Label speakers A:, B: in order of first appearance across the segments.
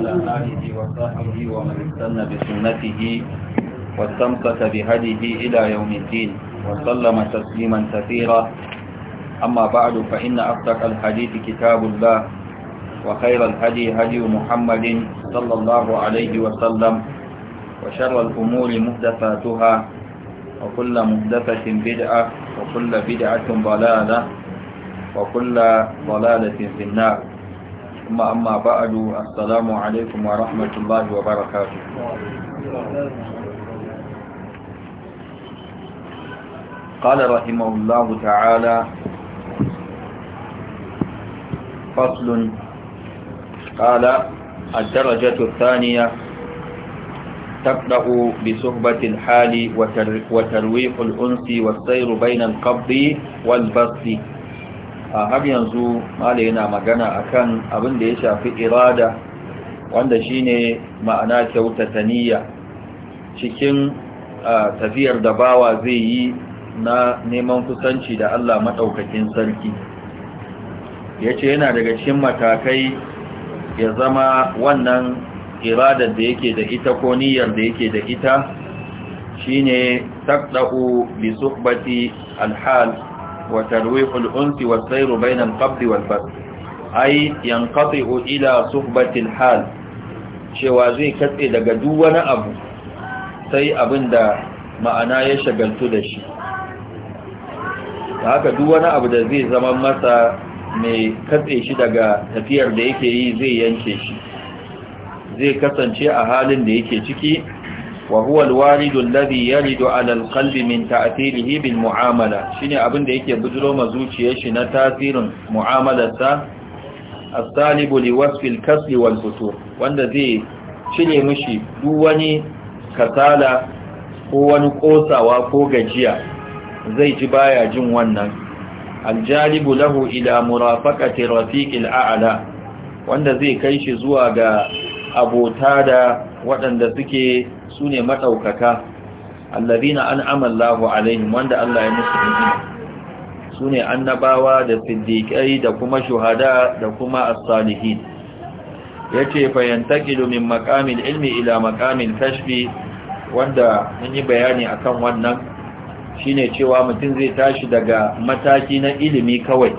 A: وعلى آله وصحبه ومن استنى بسنته واستمسك بهديه إلى يوم الدين وسلم تسليما كثيرا أما بعد فإن أصدق الحديث كتاب الله وخير الهدي هدي محمد صلى الله عليه وسلم وشر الأمور مهدفاتها وكل مهدفة بدعة وكل بدعة ضلالة وكل ضلالة في النار ثم أما بعد السلام عليكم ورحمة الله وبركاته قال رحمه الله تعالى فصل قال الدرجة الثانية تبدأ بصحبة الحال وترويق الأنس والسير بين القبض والبسط A har yanzu mala yana magana akan abin da ya shafi irada wanda shine ma'ana kyautata niyya cikin tafiyar da bawa zai yi na neman kusanci da Allah maɗaukakin sarki ya ce yana daga cikin matakai ya zama wannan iradar da yake da ita ko niyyar da yake da ita shine taqda'u bi suhbati alhal wa tarwihul unsi wa sayru bainal qabdi wal fasl ai yanqati'u ila suhbatil hal cewa zai katse daga duk wani abu sai abinda ma'ana ya shagaltu da shi haka duk wani abu da zai zama masa mai katse shi daga tafiyar da yake yi zai yanke shi zai kasance a halin da yake ciki وهو الوارد الذي يرد على القلب من تأثيره mu'amala shine abin da yake bujiro mazuciyar shi na tasirin mu'amalarsa as-salib li wasf al wanda zai cine mushi duk wani kasala ko wani kosawa ko gajiya zai ji baya jin wannan aljalibu lahu ila murafaqati rafiq al wanda zai kai shi zuwa ga abota da waɗanda suke su ne maɗaukaka na an amallahu alaihim wanda Allah ya musu ni'ima su ne annabawa da siddiƙai da kuma shuhada da kuma asalihin. Ya ce fa min ilmi ila maqamil kashfi wanda mun yi bayani akan wannan shine cewa mutum zai tashi daga mataki na ilimi kawai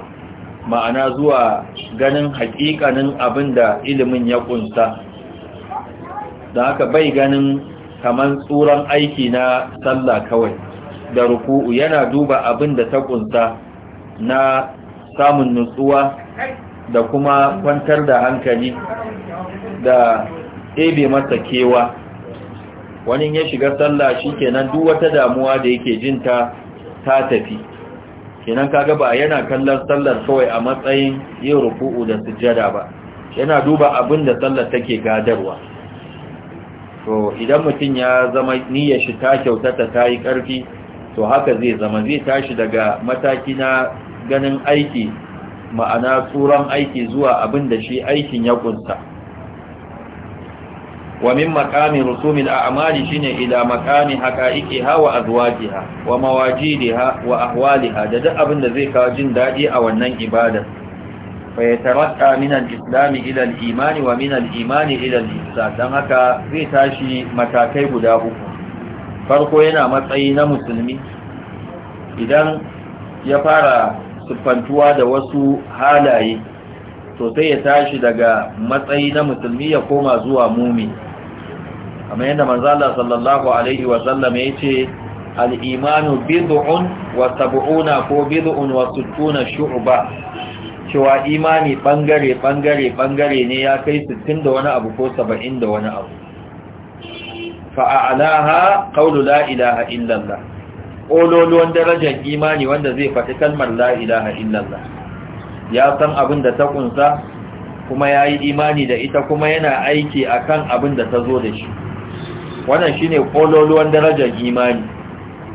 A: ma'ana zuwa ganin haƙiƙanin da ilimin ya ƙunsa. da haka bai ganin kamar tsuran aiki na sallah kawai da ruku'u yana duba abin da ta kunsa na samun nutsuwa da kuma kwantar da hankali da ebe masa kewa wani ya shiga sallah shi kenan duk wata damuwa da yake ta ta tafi kenan kaga ba yana kallon sallar kawai a matsayin yin ruku'u da sujjada ba yana duba abin da sallar take gadarwa to idan mutum ya zama niyyar shi ta kyautata ta yi ƙarfi to haka zai zama zai tashi daga mataki na ganin aiki ma'ana tsoron aiki zuwa abin da shi aikin ya kunsa wa min maqami rusumin a'mali shine ila maqami ha, wa ha wa ha, wa ha, da duk abin da zai kawo jin daɗi a wannan ibadar Ba ya فيترقى من الإسلام إلى الإيمان ومن الإيمان إلى الإسلام دان haka زي tashi matakai guda uku farko yana matsayi na musulmi idan ya fara siffantuwa da wasu halaye to sai ya tashi daga matsayi na musulmi ya koma zuwa mumi amma yadda manzala sallallahu alaihi wasallam ya ce al'imanu bid'un wa sab'una ko bid'un wa sittuna shu'ba cewa imani bangare bangare bangare ne ya kai 60 da wani abu ko 70 da wani abu fa'alaha qawlu la La'ilaha illallah ƙololuwan darajar imani wanda zai faɗi kalmar La'ilaha illallah ya san abin da ta ƙunsa kuma ya yi imani da ita kuma yana aiki a kan abin da ta zo da shi wannan shi ne ƙololuwan darajar imani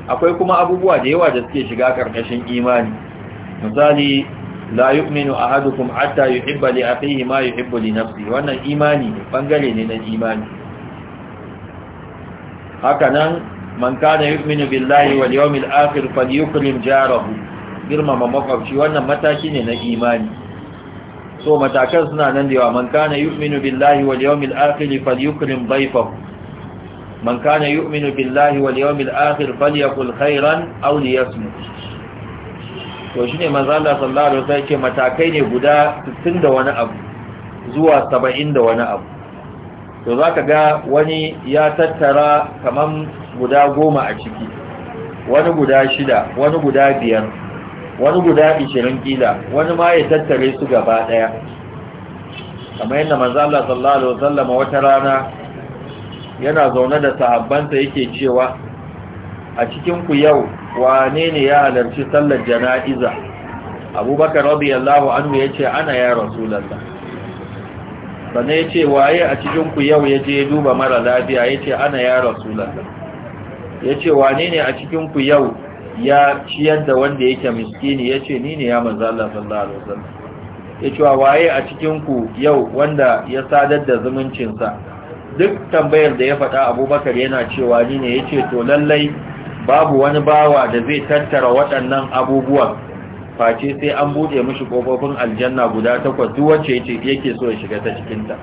A: akwai kuma abubuwa da yawa da suke shiga ƙarƙashin imani misali la yu'minu ahadukum hatta yuhibba li akhihi ma yuhibbu li nafsihi wannan imani ne bangare ne na imani haka nan man kana yu'minu billahi wal yawmil akhir falyukrim jarahu girmama makwabci wannan mataki ne na imani so matakan suna nan da yawa man kana yu'minu billahi wal yawmil akhir falyukrim dayfahu man kana yu'minu billahi wal yawmil akhir falyakul khairan aw liyasmut to shi ne manzala sallallahu alaihi wasallam ce matakai ne guda 60 da wani abu zuwa 70 da wani abu to zaka ga wani ya tattara kaman guda goma a ciki wani guda shida wani guda biyar wani guda 20 kila wani ma ya tattare su gaba daya kamar yadda manzala sallallahu alaihi wasallam wata rana yana zaune da sahabbansa yake cewa a cikin ku yau wane ne ya halarci sallar jana'iza abubakar radiyallahu anhu ce ana ya sana ya ce waye a cikin ku yau je duba mara lafiya ya ce ana ya ya ce wane ne a cikin ku yau ya ciyar da wanda yake miskini ce ni ne ya manzo Allah sallallahu alaihi wasallam yace waye a cikin ku yau wanda ya sadar da zumuncinsa duk tambayar da ya faɗa abubakar yana cewa ni ne ya ce to lallai babu wani bawa da zai tattara waɗannan abubuwan face sai an buɗe mishi ƙofofin aljanna guda takwas duk wacce yake so ya shiga ta cikinta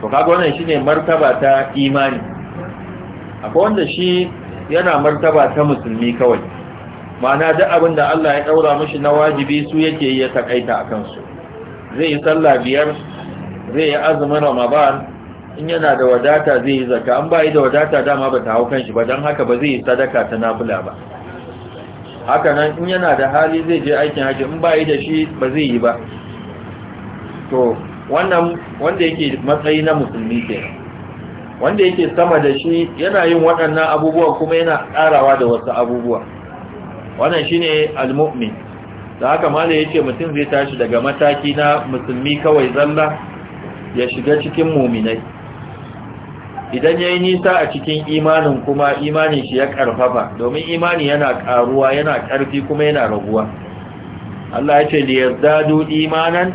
A: to kaga wannan shine martaba ta imani akwai wanda shi yana martaba ta musulmi kawai ma'ana duk abin da Allah ya daura mishi na wajibi su yake yi ya takaita a kansu zai yi sallah biyar zai yi azumin ramadan in yana da wadata zai yi zaka an bai da wadata dama ba ta hau kanshi ba don haka ba zai yi sadaka ta nafula ba haka nan in yana da hali zai je aikin haji in bai da shi ba zai yi ba to wannan wanda yake matsayi na musulmi ke wanda yake sama da shi yana yin waɗannan abubuwa kuma yana ƙarawa da wasu abubuwa wannan shi al-mu'min da haka malai yace mutum zai tashi daga mataki na musulmi kawai zalla ya shiga cikin muminai idan ya yi nisa a cikin imanin kuma imanin shi ya karfafa domin imani yana karuwa yana karfi kuma yana raguwa Allah ya ce da ya zadu imanan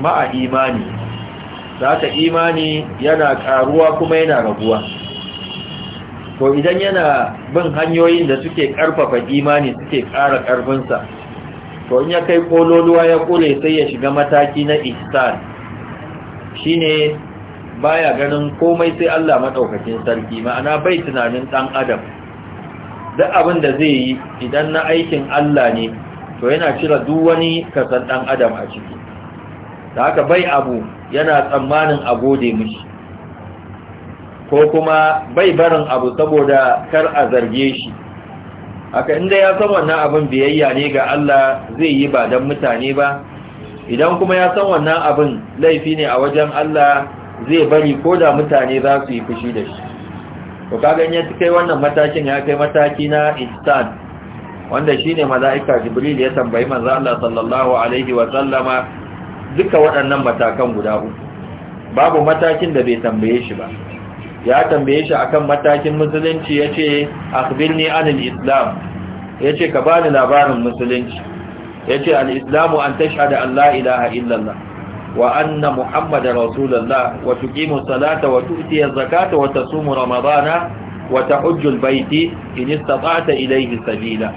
A: ma'a imani za imani yana karuwa kuma yana raguwa to idan yana bin hanyoyin da suke karfafa imani suke kara karfinsa to in ya kai kololuwa ya kule sai ya shiga mataki na ihsan shine baya ganin komai sai Allah madaukakin sarki ma'ana bai tunanin ɗan adam duk abin da zai yi idan na aikin Allah ne to yana cire duk wani kasan ɗan adam a ciki da haka bai abu yana tsammanin a gode mishi ko kuma bai barin abu saboda kar a zarge shi haka inda ya san wannan abin biyayya ne ga Allah zai yi ba don mutane ba idan kuma ya san wannan abin laifi ne a wajen Allah zai bari ko da mutane za su yi fushi da shi to kaga in kai wannan matakin ya kai mataki na ihsan wanda shine mala'ika jibril ya tambayi manzo Allah sallallahu alaihi duka waɗannan matakan guda uku babu matakin da bai tambaye shi ba ya tambaye shi akan matakin musulunci yace akhbirni anil islam ce ka bani labarin musulunci yace ce al'islamu an tashi da la ilaha illallah وأن محمد رسول الله وتقيم الصلاة وتؤتي الزكاة وتصوم رمضان وتحج البيت إن استطعت إليه سبيلا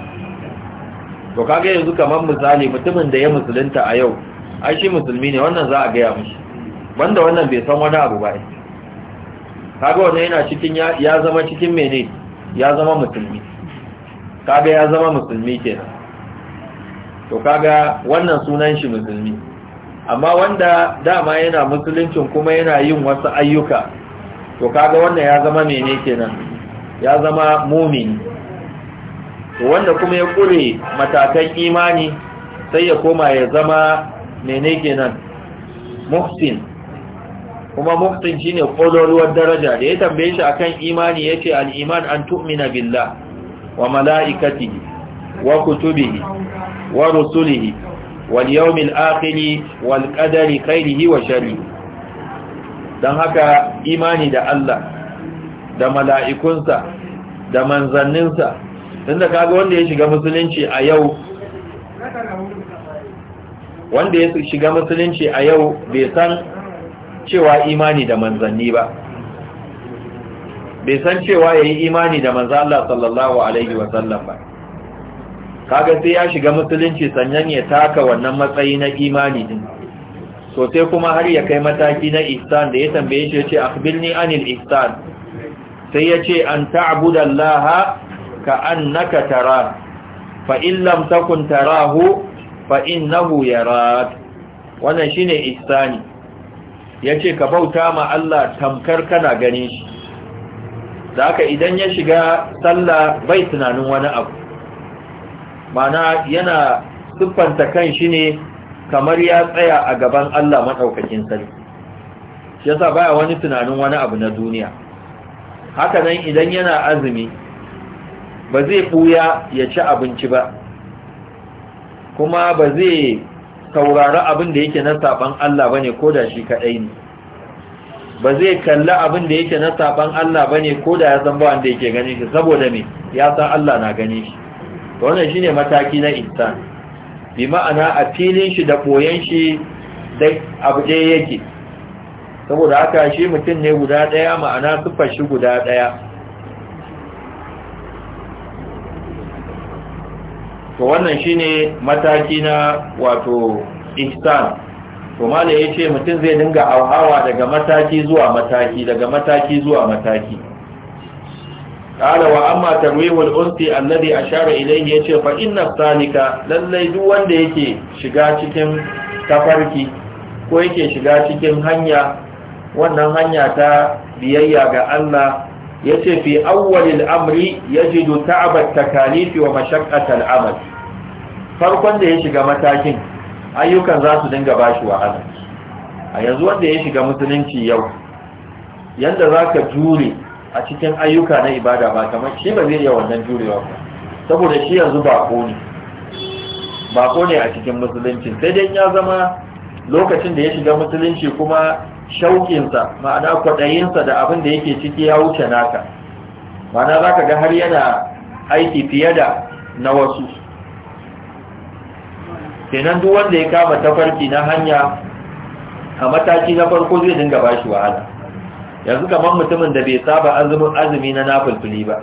A: to kaga yanzu kamar misali mutumin da ya musulunta a yau ai shi musulmi ne wannan za a gaya mishi wannan bai san wani abu ba kaga wannan yana cikin ya zama cikin mene ya zama musulmi kaga ya zama musulmi kenan to kaga wannan sunan shi musulmi amma wanda dama yana musuluncin kuma yana yin wasu ayyuka to kaga wannan ya zama mene kenan ya zama mumini wanda kuma ya kure matakan imani sai ya koma ya zama mene kenan muhsin kuma muhsin shine kololuwar daraja da ya tambaye shi akan imani yace al-iman an tu'mina billah wa mala'ikatihi wa kutubihi wa rusulihi wal yawmil akhir wal qadari khairihi wa dan haka imani da Allah da mala'ikunsa da manzanninsa tunda kaga wanda ya shiga musulunci a yau wanda ya shiga musulunci a yau bai san cewa imani da manzanni ba bai san cewa yayi imani da manzo Allah sallallahu alaihi wasallam ba kaga sai ya shiga musulunci sannan ya taka wannan matsayi na imani din so sai kuma har ya kai mataki na ihsan da ya tambaye shi yace akhbirni anil ihsan sai yace an ta'budallaha ka annaka tara fa in lam takun tarahu fa innahu yarak wannan shine ihsani yace ka bauta ma Allah tamkar kana ganin shi da haka idan ya shiga sallah bai tunanin wani abu mana yana siffanta kan shi ne kamar ya tsaya a gaban Allah maɗaukakin sarki shi yasa baya wani tunanin wani abu na duniya haka nan idan yana azumi ba zai ɓuya ya ci abinci ba kuma ba zai saurari abin da yake na saɓan Allah ba ne ko da shi kaɗai ne ba zai kalli abin da yake na saɓan Allah ba ne ko da ya san wanda yake gani shi saboda me ya san Allah na gani shi to wannan ne mataki na insan bi ma'ana a filin shi da koyan shi dai abu ɗaya yake saboda haka shi mutum ne guda ɗaya ma'ana siffar shi guda ɗaya to wannan shi ne mataki na wato insan to ya ce mutum zai dinga auhawa daga mataki zuwa mataki daga mataki zuwa mataki قال واما ترويه الانثى الذي اشار اليه yace فان inna لله lallai duk wanda yake shiga cikin tafarki ko yake shiga cikin hanya wannan hanya ta biyayya ga Allah yace fi awwalil amri yajidu ta'abat takalif wa mashaqqatal amal farkon da ya shiga matakin ayyukan za su dinga bashi wahala a yanzu wanda ya shiga musulunci yau yanda zaka jure a cikin ayyuka na ibada ba kamar shi ba zai iya wannan jurewa ba saboda shi yanzu bako ne bako ne a cikin musulunci sai dai ya zama lokacin da ya shiga musulunci kuma shauƙinsa ma'ana kwaɗayinsa da abin da yake ciki ya wuce naka ma'ana za ka ga har yana aiki fiye da na wasu kenan duk wanda ya kama tafarki na hanya a mataki na farko zai dinga bashi wahala yanzu kamar mutumin da bai saba azumin azumi na nafilfili ba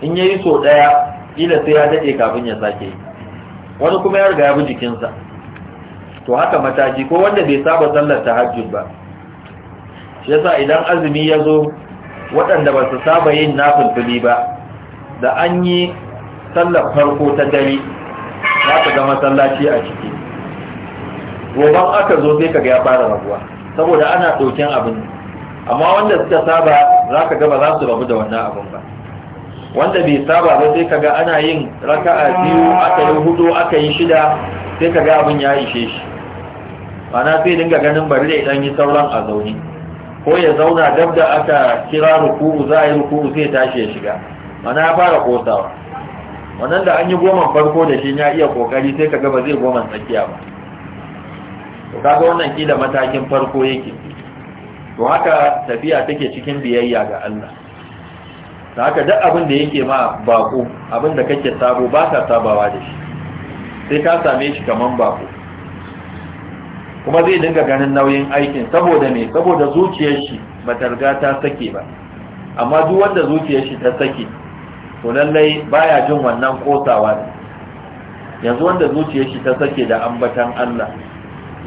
A: in yayi so daya ila sai ya dade kafin ya sake yi wani kuma ya riga ya bi jikinsa to haka mataki ko wanda bai saba sallar tahajjud ba shi yasa idan azumi ya zo waɗanda ba su saba yin nafilfili ba da an yi sallar farko ta dare za ka ga masallaci a ciki Gobe aka zo sai ka ga ya fara rabuwa saboda ana ɗaukin abin amma wanda suka saba za ka gaba za su rabu da wannan abin ba wanda bai saba ba sai kaga ana yin raka'a biyu aka yi hudu aka yi shida sai kaga abin ya ishe shi mana sai dinga ganin bari da idan yi sauran a zaune ko ya zauna dab da aka kira ruku'u za a yi ruku'u sai tashi ya shiga mana ya fara kosawa wannan da an yi goman farko da shi ya iya kokari sai kaga ba zai goman tsakiya ba to kaga wannan kila matakin farko yake to haka tafiya take cikin biyayya ga Allah da haka duk abin da yake ma bako abin da kake sabo ba ka sabawa da shi sai ka same shi kaman bako kuma zai dinga ganin nauyin aikin saboda me saboda zuciyar shi ba targa riga ta sake ba amma duk wanda zuciyar shi ta sake to lallai baya jin wannan kosawa yanzu wanda zuciyar shi ta sake da ambatan Allah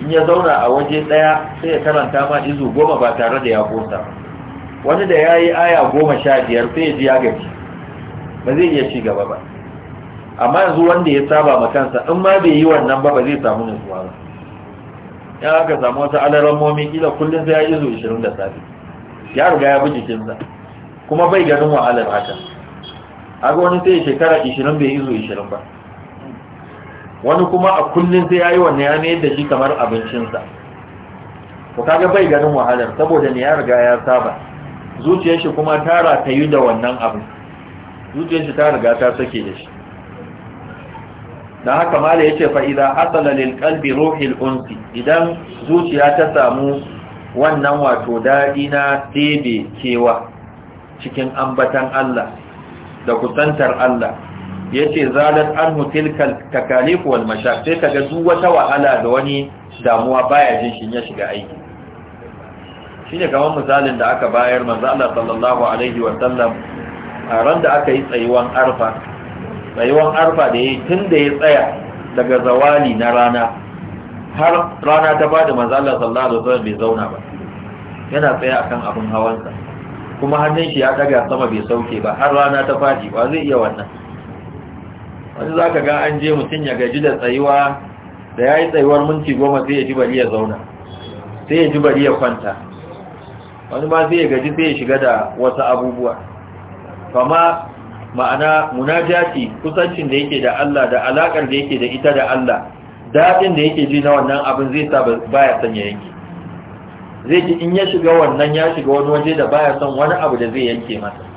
A: in ya zauna a waje ɗaya sai ya karanta ma izu goma ba tare da ya kosa wani da ya yi aya goma sha biyar sai ya ji ya gaji ba zai iya ci gaba ba amma yanzu wanda ya saba ma kansa in ma bai yi wannan ba ba zai samu nutsuwa ba ya aka samu wata alaran momi kila kullum sai ya yi izu 20 da safe ya riga ya bi jikinsa kuma bai ganin wahalar haka ga wani sai shekara 20 bai izu 20 ba wani kuma a kullum sai yayi yi wannan ya mayar da shi kamar abincinsa ku kaga bai ganin wahalar saboda ne ya riga ya saba zuciyar shi kuma ta yi da wannan abu zuciyar shi ta riga ta sake da shi dan haka mala yace fa idza asala lil qalbi ruhil unsi idan zuciya ta samu wannan wato dadi na tebe kewa cikin ambatan Allah da kusantar Allah yace zalat anhu tilkal takalif wal mashaq sai kaga duk wata wahala da wani damuwa baya jin shi ya shiga aiki shine kamar misalin da aka bayar manzo Allah sallallahu alaihi wa sallam a ran da aka yi tsayuwan arfa tsayuwan arfa da yayi tun da ya tsaya daga zawali na rana har rana ta bada manzo Allah sallallahu alaihi wa bai zauna ba yana tsaya akan abin hawansa kuma hannun shi ya daga sama bai sauke ba har rana ta fadi ba zai iya wannan wani za ka ga an je mutum ya gaji da tsayuwa da ya yi tsayuwar minti goma sai ya ji bari ya zauna sai ya ji bari ya kwanta wani ma sai ya gaji sai ya shiga da wasu abubuwa kama ma'ana munajati kusancin da yake da Allah da alakar da yake da ita da Allah daɗin da yake ji na wannan abin zai sa baya son ya yanke zai ji in ya shiga wannan ya shiga wani waje da baya son wani abu da zai yanke masa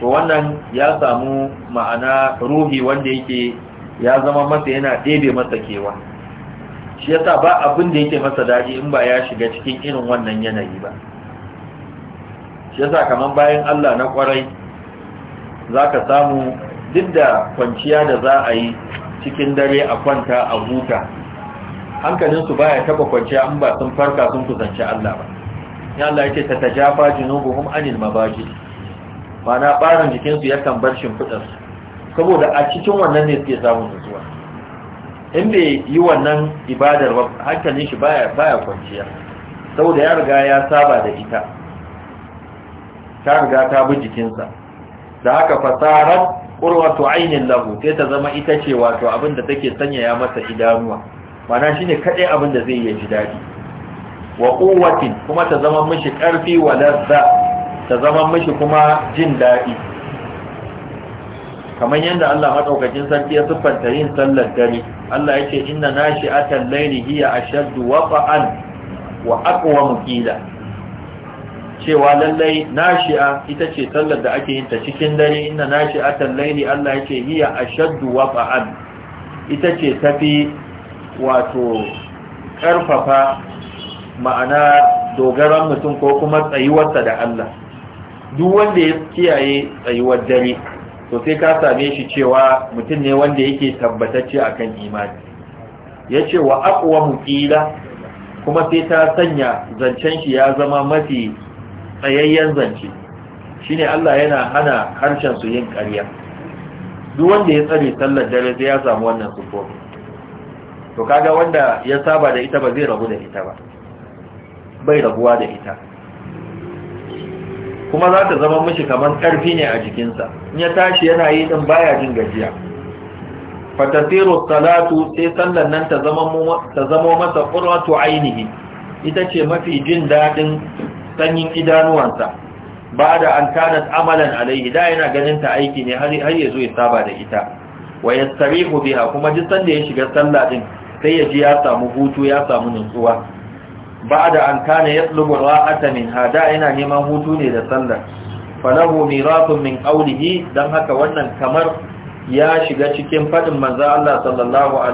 A: to wannan ya samu ma'ana ruhi wanda yake ya zama masa yana ɗebe masa kewa shi yasa ba abin da yake masa daɗi in ba ya shiga cikin irin wannan yanayi ba shi yasa kamar bayan Allah na kwarai zaka samu duk da kwanciya da za a yi cikin dare a kwanta a huta hankalin hankalinsu baya taba kwanciya in ba sun farka sun kusanci Allah ba ya Allah yake ta tajafa junubuhum anil mabaji mana ɓarin jikinsu yakan bar shimfiɗarsu saboda a cikin wannan ne suke samun nutsuwa in bai yi wannan ibadar ba hankalin shi baya baya kwanciya saboda ya riga ya saba da ita ta riga ta bi jikinsa da haka fasarar wato ainihin lahu sai ta zama ita ce wato abin da take sanyaya masa idanuwa mana shine kaɗai abin da zai yi ji daɗi wa ƙuwatin kuma ta zama mishi ƙarfi wa lazza ta zama mashi kuma jin daɗi kamar yadda Allah maɗaukacin sarki ya siffanta yin sallar dare Allah ya ce inna nashi atal laili hiya ashaddu waqa'an wa aqwa muqila cewa lallai nashi'a ita ce sallar da ake yin ta cikin dare inna nashi'atan laili Allah yake hiya ashaddu waqa'an ita ce tafi wato karfafa ma'ana dogaran mutum ko kuma tsayuwarsa da Allah duk wanda ya kiyaye tsayuwar dare to sai ka same shi cewa mutum ne wanda yake tabbatacce akan imani ya ce, wa aqwamu kila? kuma sai ta sanya zancen shi ya zama mafi tsayayyen zance shine Allah yana hana harshen su yin ƙarya duk wanda ya tsare sallar dare sai ya samu wannan sufofi to kaga wanda ya saba da ita ba zai rabu da ita ba bai rabuwa da ita kuma za ta zama mishi kamar karfi ne a jikinsa in ya tashi yana yi din baya jin gajiya fatasiru salatu sai sallan nan ta zama masa qurratu ainihi ita ce mafi jin daɗin sanyin idanuwansa ba da an kanat amalan alaihi da yana ganin ta aiki ne har ya zo ya saba da ita wa yastarihu biha kuma duk sanda ya shiga sallah din sai ya ji ya samu hutu ya samu nutsuwa ba'da da kana yatlubu ra'ata min hada yana neman hutu ne da sallar falahu mirathun min qawlihi dan haka wannan kamar ya shiga cikin faɗin manzo Allah sallallahu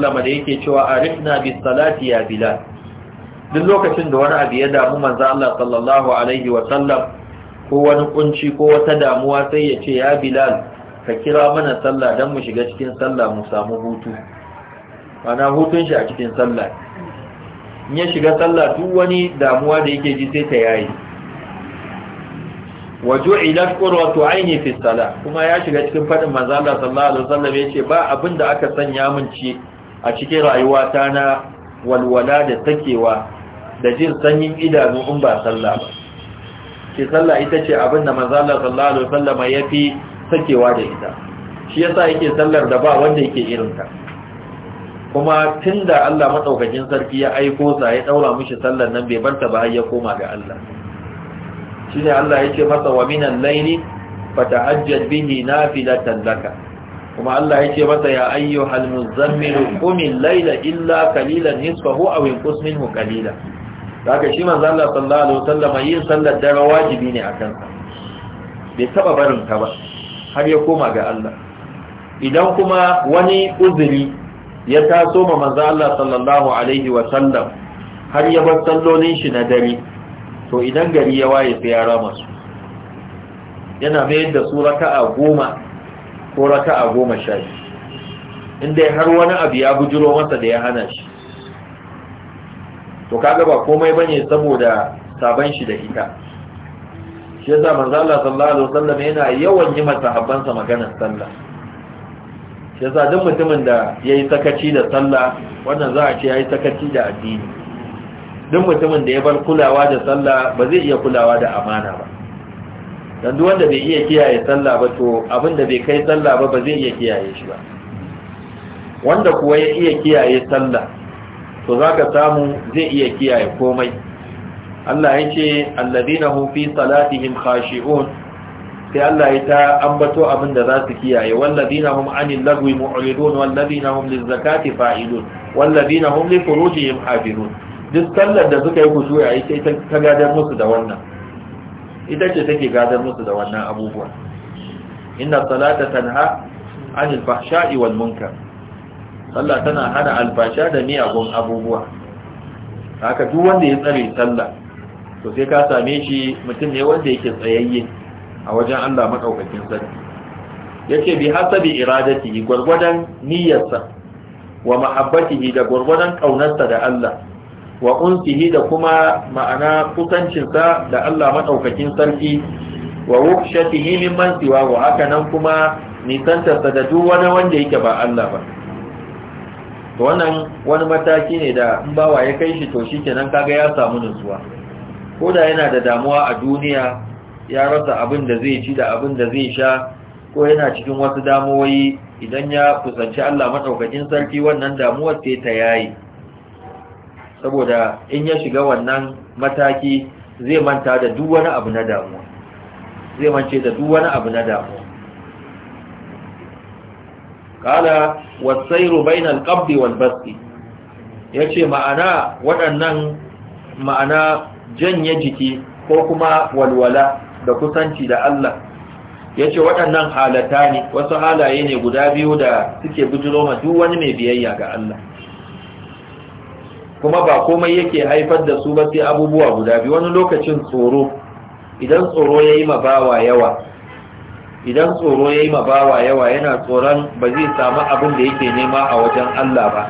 A: da yake cewa arifna bis salati ya bilal duk lokacin da wani abu ya damu manzo Allah sallallahu ko wani kunci ko wata damuwa sai ya ce ya bilal ka kira mana sallah don mu shiga cikin sallah mu samu hutu hutun shi a cikin sallah in ya shiga sallah duk wani damuwa da yake ji sai ta yayi wa ju'ila qurratu aini fi salah kuma ya shiga cikin fadin manzo Allah sallallahu alaihi wasallam yace ba abin da aka sanya min ci a cikin rayuwata na walwala da takewa da jin sanyin idanu in ba sallah ba Ke sallah ita ce abin da manzo Allah sallallahu alaihi wasallam yafi takewa da ita shi yasa yake sallar da ba wanda yake irin ta kuma tunda Allah madaukakin sarki ya aiko sa ya daura mishi sallar nan bai banta ba ya koma ga Allah shine Allah yake masa wa minan laili fata'ajjal bihi nafilatan laka kuma Allah yake masa ya ayyuhal muzammil qum al-laila illa qalilan nisfahu aw inqus minhu qalilan haka shi manzo Allah sallallahu alaihi wasallam yin sallar dare wajibi ne akan sa bai taba barin ta ba har ya koma ga Allah idan kuma wani uzuri ya taso ma manzo Allah sallallahu alaihi wa sallam har ya bar sallolin shi na dare to idan gari ya waye sai ya rama su yana mayar da sura raka'a goma ko raka'a goma sha inda har wani abu ya bujiro masa da ya hana shi to kaga ba komai bane saboda saban shi da ita shi yasa manzo Allah sallallahu alaihi sallam yana yawan yi masa sa maganar sallah yasa duk mutumin da yayi sakaci da sallah wannan za a ce ya yi sakaci da addini duk mutumin da ya bar kulawa da sallah ba zai iya kulawa da amana ba dan duk wanda bai iya kiyaye sallah ba to abin da bai kai sallah ba ba zai iya kiyaye shi ba wanda kuwa ya iya kiyaye sallah to za ka samu zai iya kiyaye komai Allah ya ce allazina hum fi salatihim khashi'un sai Allah ya ta ambato abin da za su kiyaye wallazina hum anil lagwi mu'ridun wallazina hum lizakati fa'ilun wallazina hum li furujihim hafizun duk sallar da suka yi kushuya ita ta gadar musu da wannan ita ce take gadar musu da wannan abubuwa inna salata tanha anil fahsha'i wal munkar sallah tana hana alfasha da miyagun abubuwa haka duk wanda ya tsare sallah to sai ka same shi mutum ne wanda yake tsayayye a wajen Allah madaukakin sarki yace bi hasabi iradatihi gurgurdan niyyarsa wa mahabbatihi da gurgurdan kaunarsa da Allah wa unsihi da kuma ma'ana kusancinsa da Allah madaukakin sarki wa wukshatihi mimman siwa wa haka nan kuma nisantarsa da duk wani wanda yake ba Allah ba to wannan wani mataki ne da in bawa ya kai shi to shikenan kaga ya samu nutsuwa ko da yana da damuwa a duniya ya rasa abin da zai ci da abin da zai sha ko yana cikin wasu damuwoyi idan ya kusanci Allah maɗaukakin sarki wannan damuwar sai ta yayi saboda in ya shiga wannan mataki zai manta da duk wani abu na damuwa zai mance da duk wani abu na damuwa kala wasairu bainal qabdi wal basti yace ma'ana waɗannan ma'ana janye jiki ko kuma walwala da kusanci da Allah ya ce waɗannan halata ne wasu halaye ne guda biyu da suke bujiro ma duk wani mai biyayya ga Allah kuma ba komai yake haifar da su ba sai abubuwa guda biyu wani lokacin tsoro idan tsoro ya yi mabawa yawa idan tsoro ya yi mabawa yawa yana tsoron ba zai samu abin da yake nema a wajen Allah ba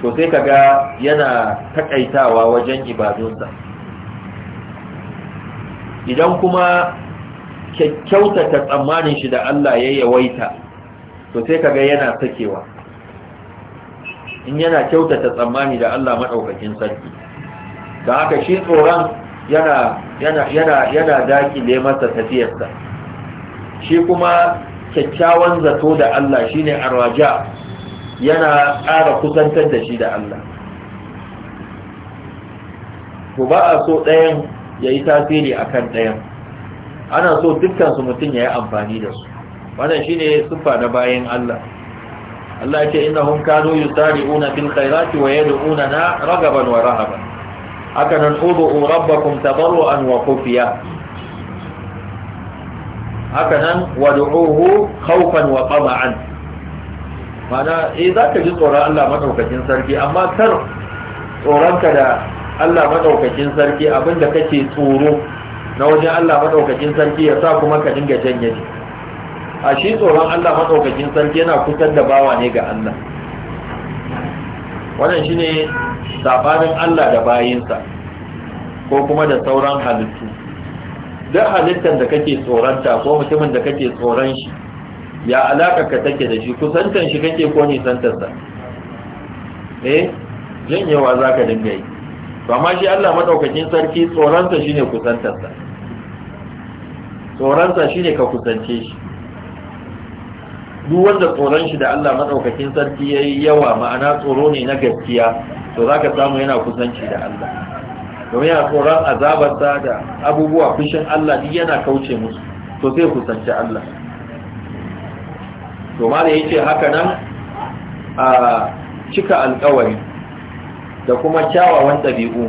A: to sai kaga yana takaitawa wajen ibadunsa idan kuma kyautata tsammanin shi da Allah ya yawaita to sai kaga yana sakewa in yana kyautata tsammani da Allah maɗaukakin sarki don haka shi tsoron yana yana yana yana masa tafiyarsa shi kuma kyakkyawan zato da Allah shine arwaja yana ƙara kusantar da shi da Allah Ku ba a so ɗayan ya yi tasiri a kan ɗayan ana so dukkansu mutum ya yi amfani da su wannan shi ne siffa na bayan Allah Allah ce ina hun kano yi tsari una fil khairati wa yadda una na ragaban wa rahaban haka nan udu'u tabaru an wa kofiya haka nan wad'uhu haukan wa tama'an mana eh ka ji tsoron Allah maɗaukacin sarki amma kar tsoronka da Allah madaukakin sarki abinda kake tsoro na wajen Allah madaukakin sarki ya sa kuma ka dinga janye shi a shi tsoron Allah madaukakin sarki yana kutar da bawa ne ga Allah wannan shine sabanin Allah da bayinsa ko kuma da sauran halittu duk halittar da kake tsoronta ko mutumin da kake tsoron shi ya alaka ka take da shi kusantan shi kake ko nisantarsa eh janyewa za ka dinga yi to amma shi Allah madaukakin sarki tsoronsa shine kusantarsa tsoronsa shine ka kusance shi duk wanda tsoron shi da Allah madaukakin sarki yayi yawa ma'ana tsoro ne na gaskiya to zaka samu yana kusanci da Allah domin yana tsoron azabarsa da abubuwa fushin Allah duk yana kauce musu to sai kusanci Allah to ma da yake haka nan a cika alƙawari da kuma kyawawan ɗabi'u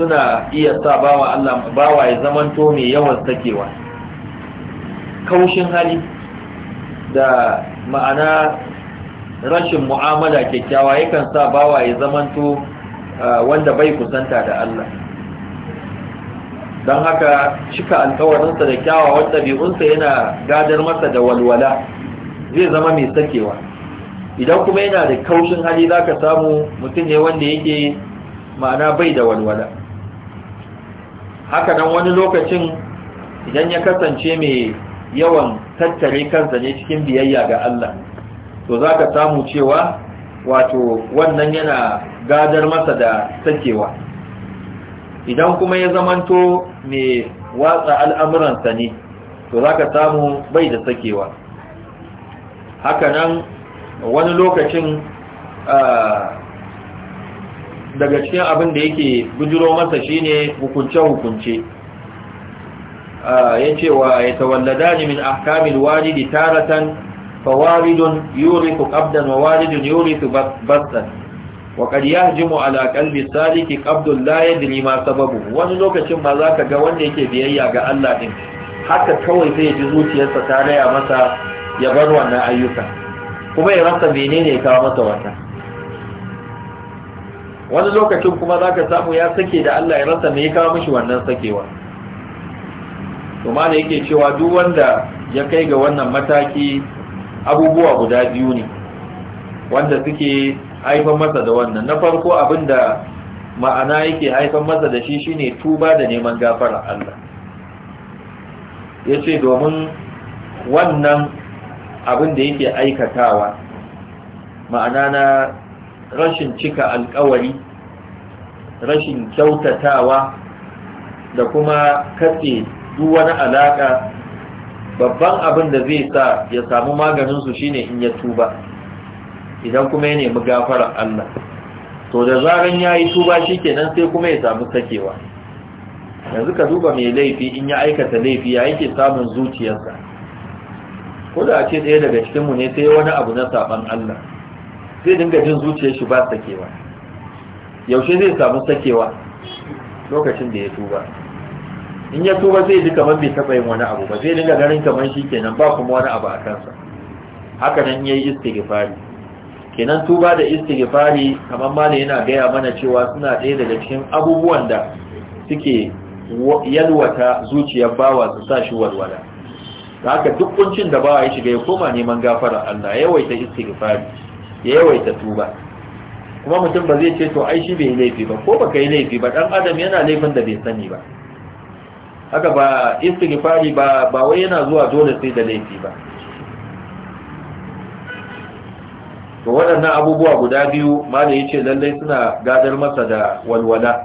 A: suna iya sa bawa Allah bawa ya zamanto mai yawan sakewa kaushin hali da ma'ana rashin mu'amala kyakkyawa yakan sa bawa ya zamanto wanda bai kusanta da Allah don haka cika alkawarinsa da kyawawan ɗabi'unsa yana gadar masa da walwala zai zama mai sakewa idan kuma yana da kaushin hali za ka samu mutum ne wanda yake ma'ana bai da walwala haka nan wani lokacin idan ya kasance mai yawan tattare kansa ne cikin biyayya ga Allah to za ka samu cewa wato wannan yana gadar masa da sakewa idan kuma ya zamanto mai watsa al'amuransa ne to za ka samu bai da sakewa haka nan wani lokacin ah, daga cikin abin da yake bujiro masa shine hukunce-hukunce ah, ya ce wa ya tawallada ne min ahkamil walidi taratan fawaridun yurisu qabdan wa walidun yurisu bastan wa qad yahjimu ala qalbi saliki qabdun la yadri ma sababu wani lokacin ma ka ga wanda yake biyayya ga Allah ɗin? haka kawai sai ya ji zuciyarsa ta raya masa ya bar wannan ayyuka kuma ya rasa menene ya kawo masa wata? wani lokacin kuma za ka samu ya sake da Allah ya rasa ya kawo mishi wannan sakewa kuma da yake cewa duk wanda ya kai ga wannan mataki abubuwa guda biyu ne wanda suke haifan masa da wannan na farko abin da ma'ana yake haifan masa da shi shine tuba da neman gafara Allah ya ce domin wannan abin da yake aikatawa ma'ana na rashin cika alkawari rashin kyautatawa da kuma katse duk wani alaka babban abin da zai sa ya samu maganinsu shine in ya tuba idan kuma ya nemi gafarar Allah to da zaran ya yi tuba shi kenan sai kuma ya samu sakewa yanzu ka duba mai laifi in ya aikata laifi ya yake samun zuciyarsa ko da ce ɗaya daga cikinmu ne sai wani abu na saban Allah zai dinga jin zuciyar shi ba sakewa yaushe zai samu sakewa lokacin da ya tuba in ya tuba zai ji kamar bai taɓa yin wani abu ba zai dinga ganin kamar shi kenan ba kuma wani abu a kansa haka nan ya yi istighfari kenan tuba da istighfari kamar mala yana gaya mana cewa suna ɗaya daga cikin abubuwan da suke yalwata zuciyar bawa su sa shi walwala da haka duk kuncin da bawa ya shiga ya koma neman gafara Allah ya yawaita istighfari ya yawaita tuba kuma mutum ba zai ce to ai shi bai laifi ba ko baka yi laifi ba dan adam yana laifin da bai sani ba haka ba istighfari ba ba wai yana zuwa dole sai da laifi ba to waɗannan abubuwa guda biyu malai yace lallai suna gadar masa da walwala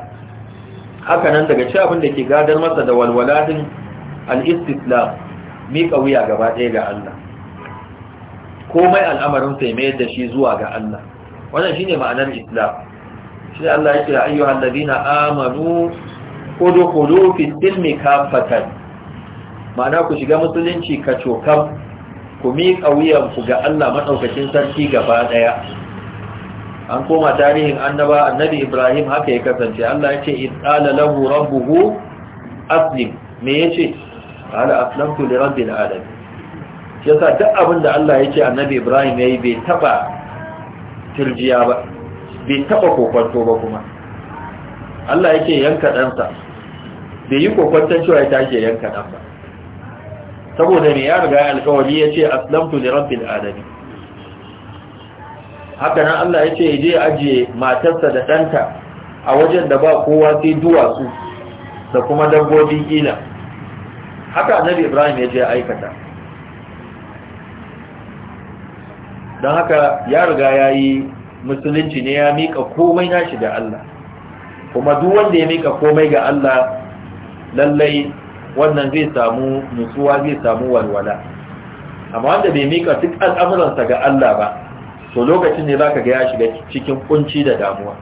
A: haka nan daga ci abin da ke gadar masa da walwala din al-istislam miƙa wuya gaba ɗaya ga Allah komai al'amarin sai mai da shi zuwa ga Allah wannan shine ma'anar islam shi Allah ya kira ayyuhal ladina amanu udkhulu fi silmi kafatan ma'ana ku shiga musulunci ka cokam ku miƙa wuyan ku ga Allah madaukakin sarki gaba ɗaya. an koma tarihin annaba annabi Ibrahim haka ya kasance Allah ya ce idala lahu rabbuhu aslim me yace قال أسلمت لرب العالمين yasa duk abin da Allah ya ce annabi Ibrahim ya yi bai taba turjiya ba bai taba kokwanto ba kuma Allah ya ce yanka ɗansa bai yi kokwanton cewa ya ke yanka ɗan ba saboda mai ya riga alƙawari ya ce aslamtu li rabbil alamin haka nan Allah ya ce ya je ajiye matarsa da ɗanta a wajen da ba kowa sai duwatsu da kuma dabbobi kila haka annabi ibrahim ya je aikata don haka ya riga ya yi musulunci ne ya mika komai nashi da Allah kuma duk wanda ya mika komai ga Allah lallai wannan zai samu nutsuwa zai samu walwala amma wanda bai mika duk al'amuransa ga Allah ba to lokacin ne zaka ga ya shiga cikin kunci da damuwa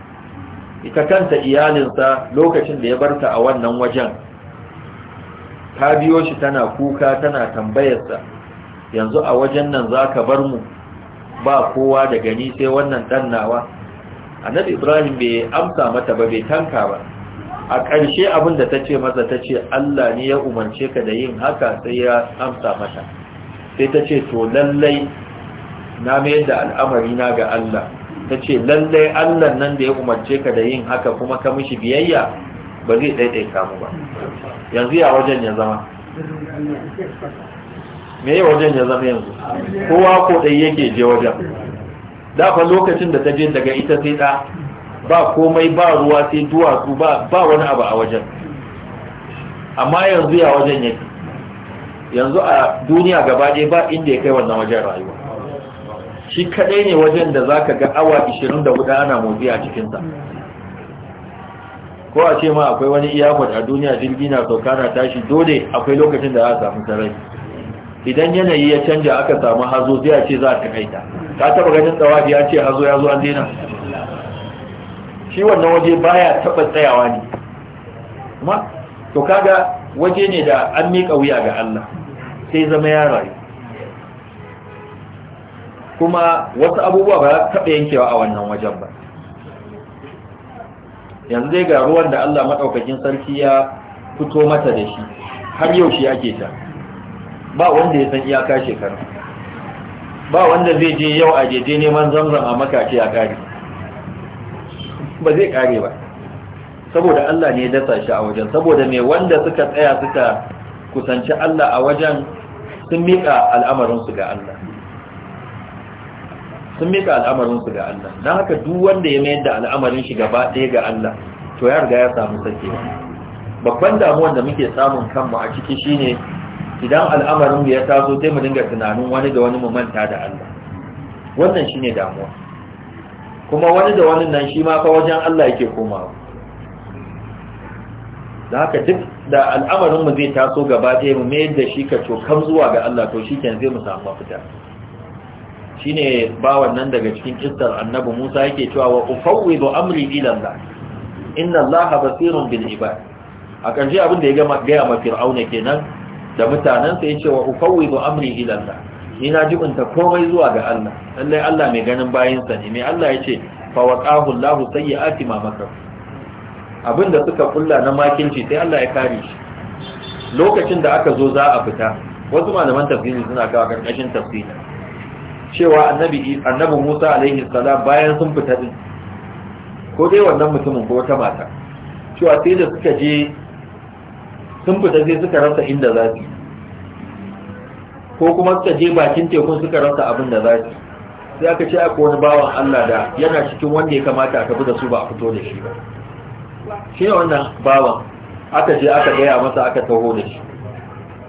A: ita kanta iyalinsa lokacin da ya barta a wannan wajen ta biyo shi tana kuka tana tambayarsa yanzu a wajen nan za ka bar mu ba kowa da gani sai wannan nawa? annabi ibrahim bai amsa mata ba bai tanka ba a ƙarshe abin da ta ce masa ta ce allah ne ya umarce ka da yin haka sai ya amsa mata sai ta ce to lallai na mayar da al'amari na ga allah ta ce lallai allah nan da ya umarce ka da yin haka kuma ka mishi biyayya ba zai ɗaiɗaika mu ba yanzu ya wajen ya zama me ya wajen ya zama yanzu kowa ko ɗai yake je wajen dafa lokacin da ta je daga ita sai ɗa ba komai ba ruwa sai duwatsu ba wani abu a wajen amma yanzu ya wajen yake yanzu a duniya gaba ɗaya ba inda ya kai wannan wajen rayuwa shi kaɗai ne wajen da za ka ga awa 24 ana motsi a cikinsa ko a ce ma akwai wani iyakon a duniya jirgi na sauka na tashi dole akwai lokacin da za a samu sarai idan yanayi ya canja aka samu hazo zai a ce za a takaita ka taba ganin tsawafi ya ce hazo ya zo an daina shi wannan waje baya taba tsayawa ne kuma to kaga waje ne da an miƙa wuya ga Allah sai zama ya rayu kuma wasu abubuwa ba taɓa yankewa a wannan wajen ba yanzu dai ga ruwan da Allah madaukakin sarki ya fito mata da shi har yau shi ake ta ba wanda ya san iyaka shekara ba wanda zai je yau a jeje neman zamzam a makace a kare ba zai kare ba saboda Allah ne ya dasa shi a wajen saboda mai wanda suka tsaya suka kusanci Allah a wajen sun miƙa al'amarinsu ga Allah sun mika al'amarin su ga Allah don haka duk wanda ya mayar da al'amarin shi gaba ɗaya ga Allah to ya riga ya samu sakewa babban damuwan da muke samun kanmu a ciki shine idan al'amarin mu ya taso sai mu dinga tunanin wani da wani mu manta da Allah wannan shine damuwa kuma wani da wani nan shi ma fa wajen Allah yake komawa da haka duk da al'amarinmu zai taso gaba ɗaya mu mayar da shi ka kan zuwa ga Allah to shi zai mu samu mafita shine bawan nan daga cikin kistar annabi Musa yake cewa wa ufawwidu amri ila inna Allah basirun bil ibad a ƙarshe abin da ya gama gaya ma fir'auna kenan da mutanensa ya ce wa ufawwidu amri ila ni na jibinta komai zuwa ga Allah lallai Allah mai ganin bayansa ne mai Allah ya ce fa waqahu Allah sayyi'ati ma makar abin da suka kulla na makinci sai Allah ya kare shi lokacin da aka zo za a fita wasu malaman tafsiri suna kawo karkashin tafsiri cewa annabi annabi Musa alaihi salam bayan sun fita din ko dai wannan mutumin ko wata mata cewa sai da suka je sun fita sai suka rasa inda za su ko kuma suka je bakin tekun suka rasa abin da za su sai aka ce aka wani bawan Allah da yana cikin wanda ya kamata aka bi da su ba a fito da shi ba shi ne wannan bawan aka je aka gaya masa aka taho da shi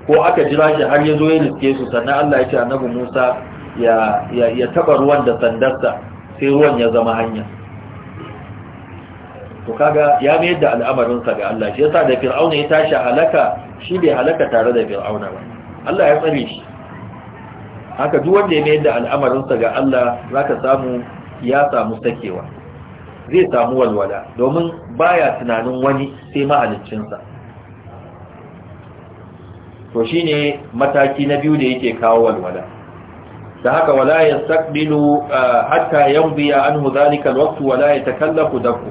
A: ko aka jira shi har ya zo ya nuske su sannan Allah ya ce annabi Musa ya taba ruwan da sandarsa sai ruwan ya zama hanya to kaga ya mayar da al'amarinsa ga Allah shi yasa da fir'auna ya tashi halaka shi bai halaka tare da fir'auna ba Allah ya tsare shi haka duk wanda ya mayar da al'amarinsa ga Allah zaka samu ya samu sakewa zai samu walwala domin baya tunanin wani sai mahaliccinsa to shine mataki na biyu da yake kawo walwala da haka wala yastaqbilu eh, hatta yamdi anhu dhalika alwaqt wala yatakallafu dafu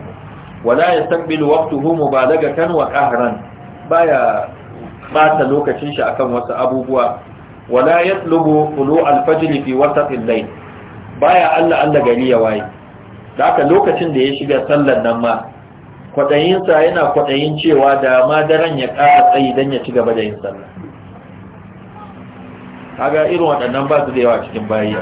A: wala ba daga kan wa qahran baya ɓata lokacin shi akan wasu abubuwa wala yatlubu tulu alfajr fi wasat al Ba ya Allah Allah gari ya waye da haka lokacin da ya shiga sallar nan ma kwaɗayinsa yana kwaɗayin cewa da ma daren ya ƙara tsayi don ya ci gaba da yin sallah kaga irin waɗannan ba su da yawa cikin bayi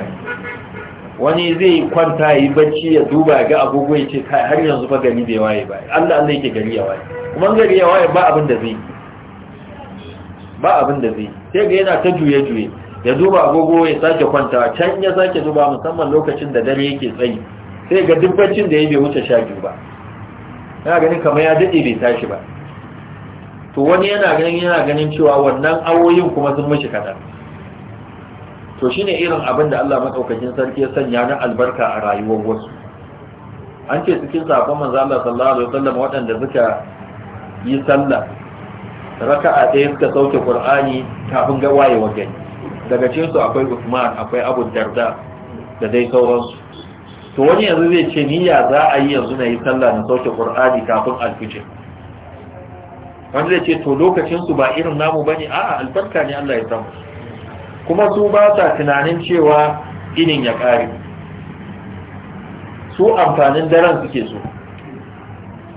A: wani zai kwanta yi bacci ya duba ga agogo ya ce kai har yanzu fa gari bai yi ba Allah Allah yake gari ya waye kuma gari ya waye ba abin da zai ba abin da zai sai ga yana ta juye juye ya duba agogo ya sake kwanta can ya sake duba musamman lokacin da dare yake tsayi sai ga duk baccin da ya bai wuce sha biyu ba yana ganin kamar ya dade bai tashi ba to wani yana ganin yana ganin cewa wannan awoyin kuma sun mishi kadan to shine irin abin da Allah madaukakin sarki ya sanya na albarka a rayuwar wasu an ce cikin sabon manzo Allah sallallahu alaihi wasallam waɗanda suka yi sallah raka'a ɗaya suka sauke Qur'ani kafin ga wayewa gani daga cikin su akwai Uthman akwai Abu Darda da dai sauransu to wani yanzu zai ce ni ya za a yi yanzu na yi sallah na sauke Qur'ani kafin alfijir wanda zai ce to lokacin su ba irin namu bane a'a albarka ne Allah ya samu kuma su ba sa tunanin cewa ginin ya ƙare su amfanin daren suke so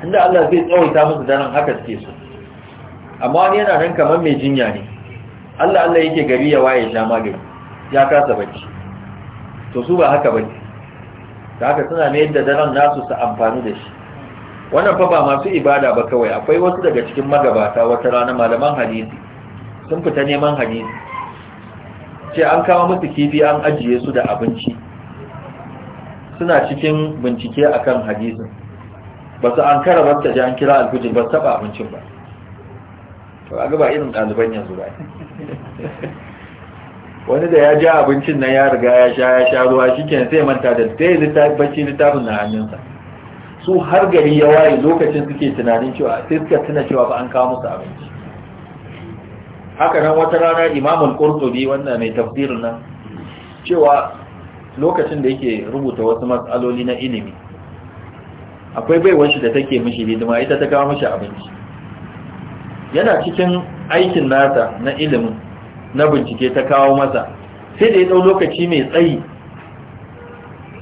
A: inda Allah zai tsawaita musu daren haka suke so amma wani yana nan kamar mai jinya ne Allah Allah yake gari ya waye sha magani ya kasa bacci to su ba haka bane da haka suna ne yadda daren nasu su amfani da shi wannan fa ba masu ibada ba kawai akwai wasu daga cikin magabata wata rana malaman hadisi sun fita neman hadisi ce an kawo musu kifi an ajiye su da abinci suna cikin bincike akan hadisin ba su an kara wata ji an kira alfijir ba taba abincin ba to a gaba irin ɗaliban yanzu ba wani da ya ja abincin nan ya riga ya sha ya sha ruwa shi ke sai manta da zai littafi littafin na hannunsa su har gari ya waye lokacin suke tunanin cewa sai suka tuna cewa ba an kawo musu abinci haka nan wata rana imamul qurtubi wannan mai tafsirin nan cewa lokacin da yake rubuta wasu matsaloli na ilimi akwai baiwar shi da take mishi hidima ita ta kawo mishi abinci yana cikin aikin nasa na ilimin na bincike ta kawo masa sai da ya dau lokaci mai tsayi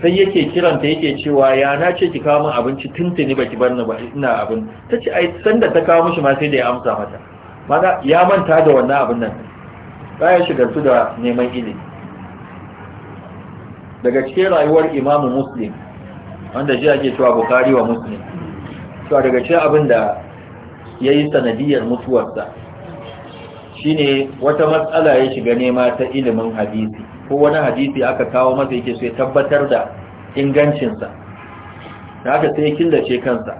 A: sai yake kiranta yake cewa ya na ce ki kawo min abinci tuntuni baki bar ba ina abin ta ce ai sanda ta kawo mishi ma sai da ya amsa mata mana ya manta da wannan abin nan baya su da neman ilimi daga cikin rayuwar imamu muslim wanda shi ake cewa bukari wa muslim cewa daga cikin abin da ya yi sanadiyar mutuwarsa shi ne wata matsala ya shiga nema ta ilimin hadisi ko wani hadisi aka kawo masa yake sai tabbatar da ingancinsa da aka sai killace kansa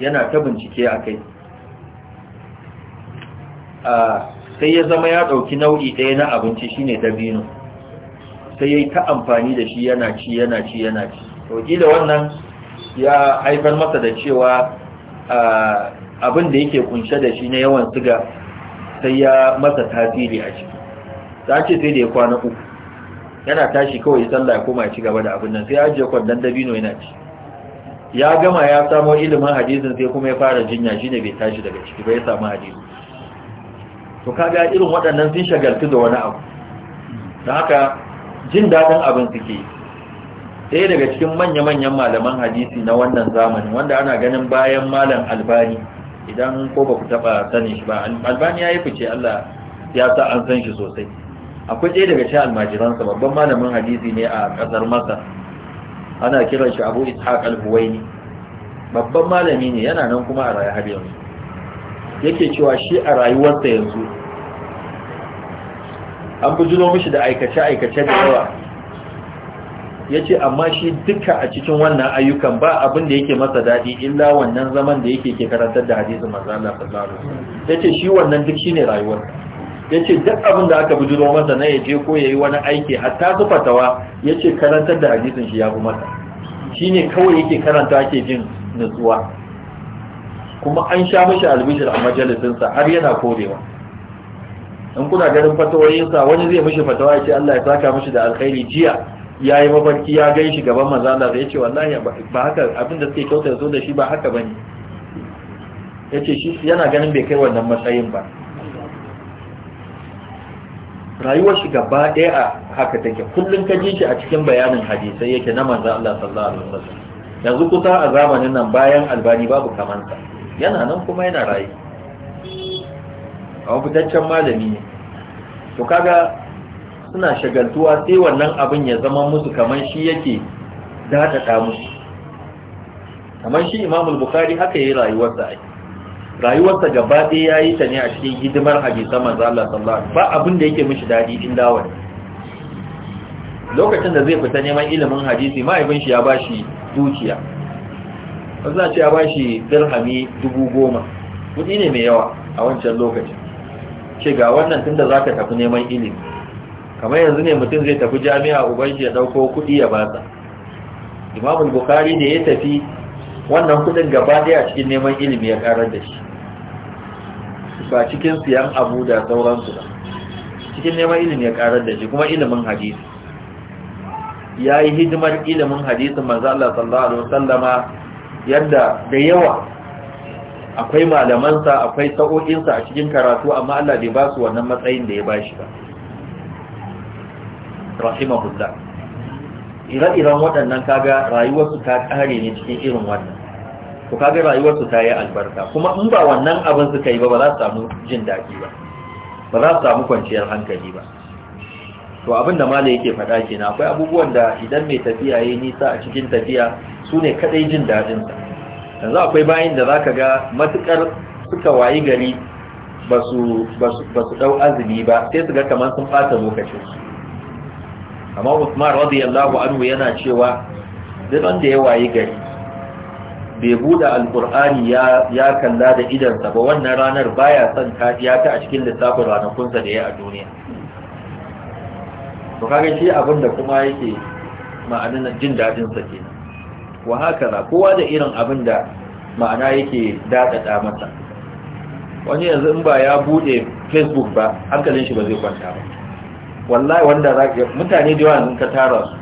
A: yana ta bincike a kai sai ya zama ya ɗauki nau'i ɗaya na abinci shine dabino sai ya yi ta amfani da shi yana ci yana ci yana ci to da wannan ya haifar masa da cewa abin da yake kunshe da shi na yawan siga sai ya masa tasiri a ciki Za ce sai da ya kwana uku yana tashi kawai sallah ya koma ya ci gaba da abin nan sai ya ajiye kwandon dabino yana ci ya gama ya samo ilimin hadisin sai kuma ya fara jinya shi bai tashi daga ciki bai samu hadisin to kaga irin waɗannan sun shagaltu da wani abu Da haka jin daɗin abin suke ɗaya daga cikin manya-manyan malaman hadisi na wannan zamani wanda ana ganin bayan malam albani idan ko ba ku taɓa sani shi ba albani ya yi fice allah ya sa an san shi sosai akwai ɗaya daga cikin almajiransa babban malamin hadisi ne a ƙasar masar ana kiran shi abu ishaq al-huwaini babban malami ne yana nan kuma a rayu yanzu yake cewa shi a rayuwarsa yanzu an bujiro mishi da aikace-aikace da yawa ya ce amma shi duka a cikin wannan ayyukan ba abin da yake masa daɗi illa wannan zaman da yake ke karantar da hadisun manzana sallallahu ya ce shi wannan duk shine rayuwar ya ce duk abin da aka bujuro masa na ya je ko ya yi wani aiki hatta su fatawa ya ce karantar da hadisun shi ya fi masa shi ne kawai yake karanta ke jin nutsuwa kuma an sha mashi albishir a majalisinsa har yana korewa in kuna ganin fatawoyinsa wani zai mishi fatawa ya ce Allah ya saka mishi da alkhairi jiya ya yi mafarki ya gan shi gaban manzo Allah ya ce wallahi ba haka abin da suke kyauta zo da shi ba haka bane ya ce shi yana ganin bai kai wannan matsayin ba rayuwar shi gaba ɗaya a haka take kullum ka ji shi a cikin bayanin hadisai yake na manzo Allah sallallahu alaihi wasallam yanzu kusa a zamanin nan bayan albani babu kamanta yana nan kuma yana rayu a fitaccen malami ne to kaga suna shagaltuwa sai wannan abin ya zama musu kamar shi yake dadada musu kamar shi Imam bukari haka yi rayuwarsa ai rayuwarsa gaba ɗaya ya yi ta ne a cikin hidimar hadisan manzo Allah sallallahu ba abin da yake mishi daɗi in dawo lokacin da zai fita neman ilimin hadisi mahaifin shi ya shi dukiya wasu na ce ya shi dirhami dubu goma kudi ne mai yawa a wancan lokacin ce ga wannan tunda zaka tafi neman ilimi kamar yanzu ne mutum zai tafi jami'a shi ya ɗauko kuɗi ya basa Imam Bukhari ne ya tafi wannan kuɗin gaba daya cikin neman ilimi ya karar da shi ba cikin siyan abu da sauransu ba cikin neman ilimi ya karar da shi kuma ilimin hadisi ya yi hidimar ilimin hadisi manzo Allah sallallahu alaihi wasallama yadda da yawa akwai malamansa akwai sa'o'insa a cikin karatu amma Allah bai ba su wannan matsayin da ya ba shi ba rahimahullah ire-iren waɗannan kaga rayuwarsu ta ƙare ne cikin irin wannan ku kaga rayuwarsu ta yi albarka kuma in ba wannan abin suka yi ba ba za su samu jin daɗi ba ba za su samu kwanciyar hankali ba to abin da malai yake faɗa kenan akwai abubuwan da idan mai tafiya ya nisa a cikin tafiya su ne kaɗai jin daɗinsa yanzu akwai bayin da za ka ga matuƙar suka wayi gari ba su ɗau azumi ba sai su ga kamar sun ɓata lokacin. amma usman radiyallahu anhu yana cewa duk wanda ya wayi gari bai buɗe Alƙur'ani ya kalla da idansa ba wannan ranar baya son ya ta a cikin lissafin ranakunsa da ya a duniya to kaga shi abin da kuma yake ma'anin jin daɗinsa kenan wa hakaza kowa da irin abin da ma'ana yake dadada masa wani yanzu in ba ya bude facebook ba hankalin shi ba zai kwanta ba wallahi wanda za mutane da yawa ka tara su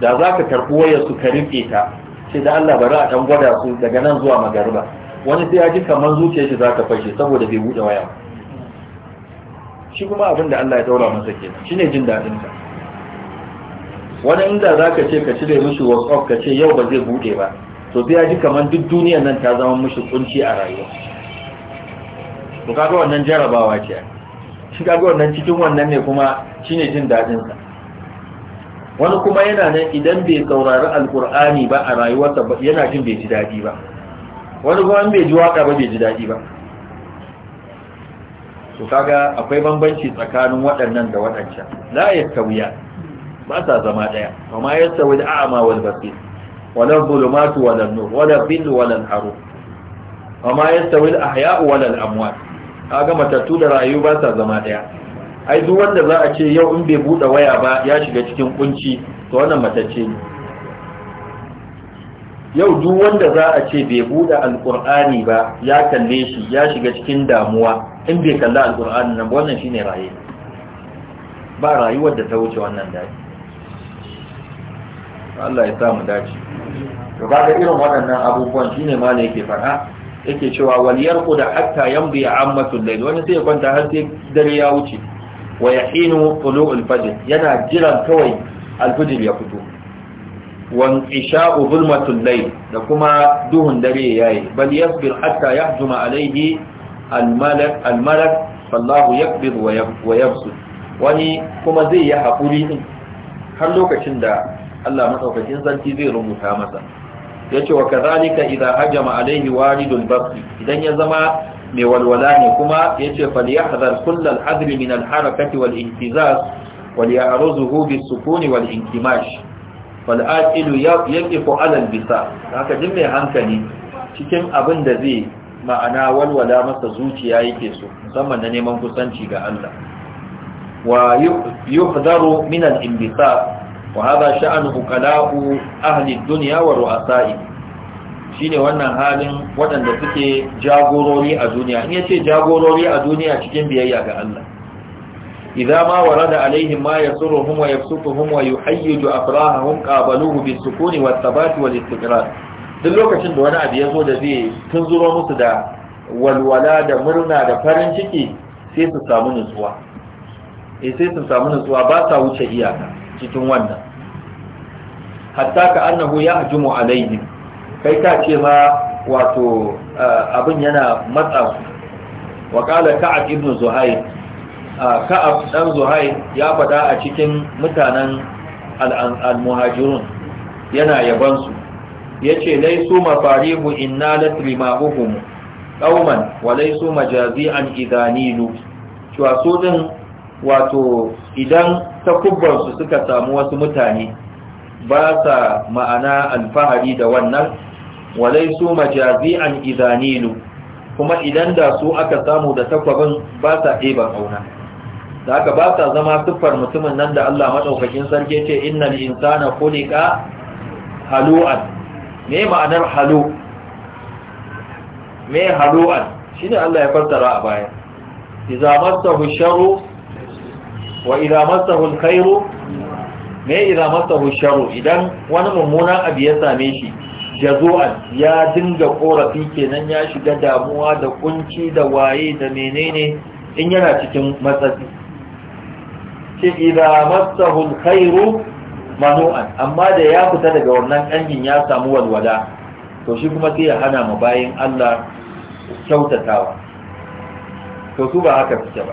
A: da za ka karɓi wayar su ka rufe ta sai da Allah bari a dan gwada su daga nan zuwa magariba wani sai ya ji kamar zuciyar shi za ta fashe saboda bai bude waya ba shi kuma abin da Allah ya daura masa kenan shine jin dadin ka wani inda za ka ce ka cire mishi whatsapp ka ce yau ba zai buɗe ba to biya ji kamar duk duniyar nan ta zama mishi kunci a rayuwa to kaga wannan jarabawa ce shi kaga wannan cikin wannan ne kuma shine jin dadin sa wani kuma yana nan idan bai saurari alqur'ani ba a rayuwarsa ba yana jin bai ji daɗi ba wani kuma bai ji waka ba bai ji daɗi ba to kaga akwai bambanci tsakanin waɗannan da waɗancan la ya ba sa zama daya amma yastawi al'ama wal basir wala zulumat wala nur wala bil wala haru amma wal al'ahya'u wala amwat kaga matattu da rayu ba sa zama daya ai duk wanda za a ce yau in bai bude waya ba ya shiga cikin kunci to wannan matacce ne yau duk wanda za a ce bai bude alqur'ani ba ya kalle shi ya shiga cikin damuwa in bai kalla alqur'ani nan wannan shine raye ba rayuwar da ta wuce wannan daji. Allah ya samu dace to kaga irin waɗannan abubuwan shine ma ne yake faɗa yake cewa wal yarquda hatta yamdi ammatul layl wani sai ya kwanta har sai dare ya wuce wa yahinu tulu'ul fajr yana jiran kawai alfajr ya fito wan isha'u zulmatul layl da kuma duhun dare yayi bal yasbir hatta yahjuma alayhi al-malak al-malak Sallahu yakbid wa wani kuma zai yi haƙuri har lokacin da Allah madaukakin sarki zai rubuta masa yace wa kazalika idza hajama alaihi walidul basri idan ya zama mai walwala ne kuma yace falyahdhar kullal hadri min alharakati wal ihtizaz وليعرضه بالسكون والانكماش فالآكل يقف على bisa. haka din mai hankali cikin abin da zai ma'ana walwala masa zuciya yake so musamman na neman kusanci ga Allah wa yuhdaru min al-inbisa وهذا شأن ahli أهل الدنيا ru'asai shine wannan halin waɗanda suke jagorori a duniya in yace jagorori a duniya cikin biyayya ga Allah idza ma warada alaihim ma yasuruhum wa yafsutuhum wa yuhayyiju afrahahum qabaluhu bisukuni wat-thabat wal-istiqrar duk lokacin da wani abu ya zo da zai tunzuro musu da walwala da murna da farin ciki sai su samu nutsuwa eh sai su samu nutsuwa ba sa wuce iyaka cikin wannan hatta ka annahu ya mu alaihi kai ka ce ma wato eh, abin yana matsa su wa kala ka'ab ibn zuhair eh, ka'ab dan zuhair ya fada a cikin mutanen al-muhajirun yana yaban su yace laisu farihu inna latrimahuhum qauman wa laisu an idanilu cewa su din wato idan takubbansu suka samu wasu mutane ba sa ma'ana alfahari da wannan walai su majazi'an izanilu kuma idan da su aka samu da takwabin ba sa ɗeban auna da aka ba sa zama siffar mutumin nan da Allah maɗaukakin sarki ce innal insana khuliqa halu'an me ma'anar halu me halu'an ne Allah ya fassara a baya idza massahu sharru wa idza alkhairu me idza masahu sharu idan wani mummunan abu ya same shi jazu'an ya dinga korafi kenan ya shiga damuwa da kunci da waye da menene in yana cikin matsatsi ce idza masahu alkhairu manu'an amma da ya fita daga wannan kangin ya samu walwala to shi kuma sai ya hana mu bayin Allah kyautatawa to su ba haka suke ba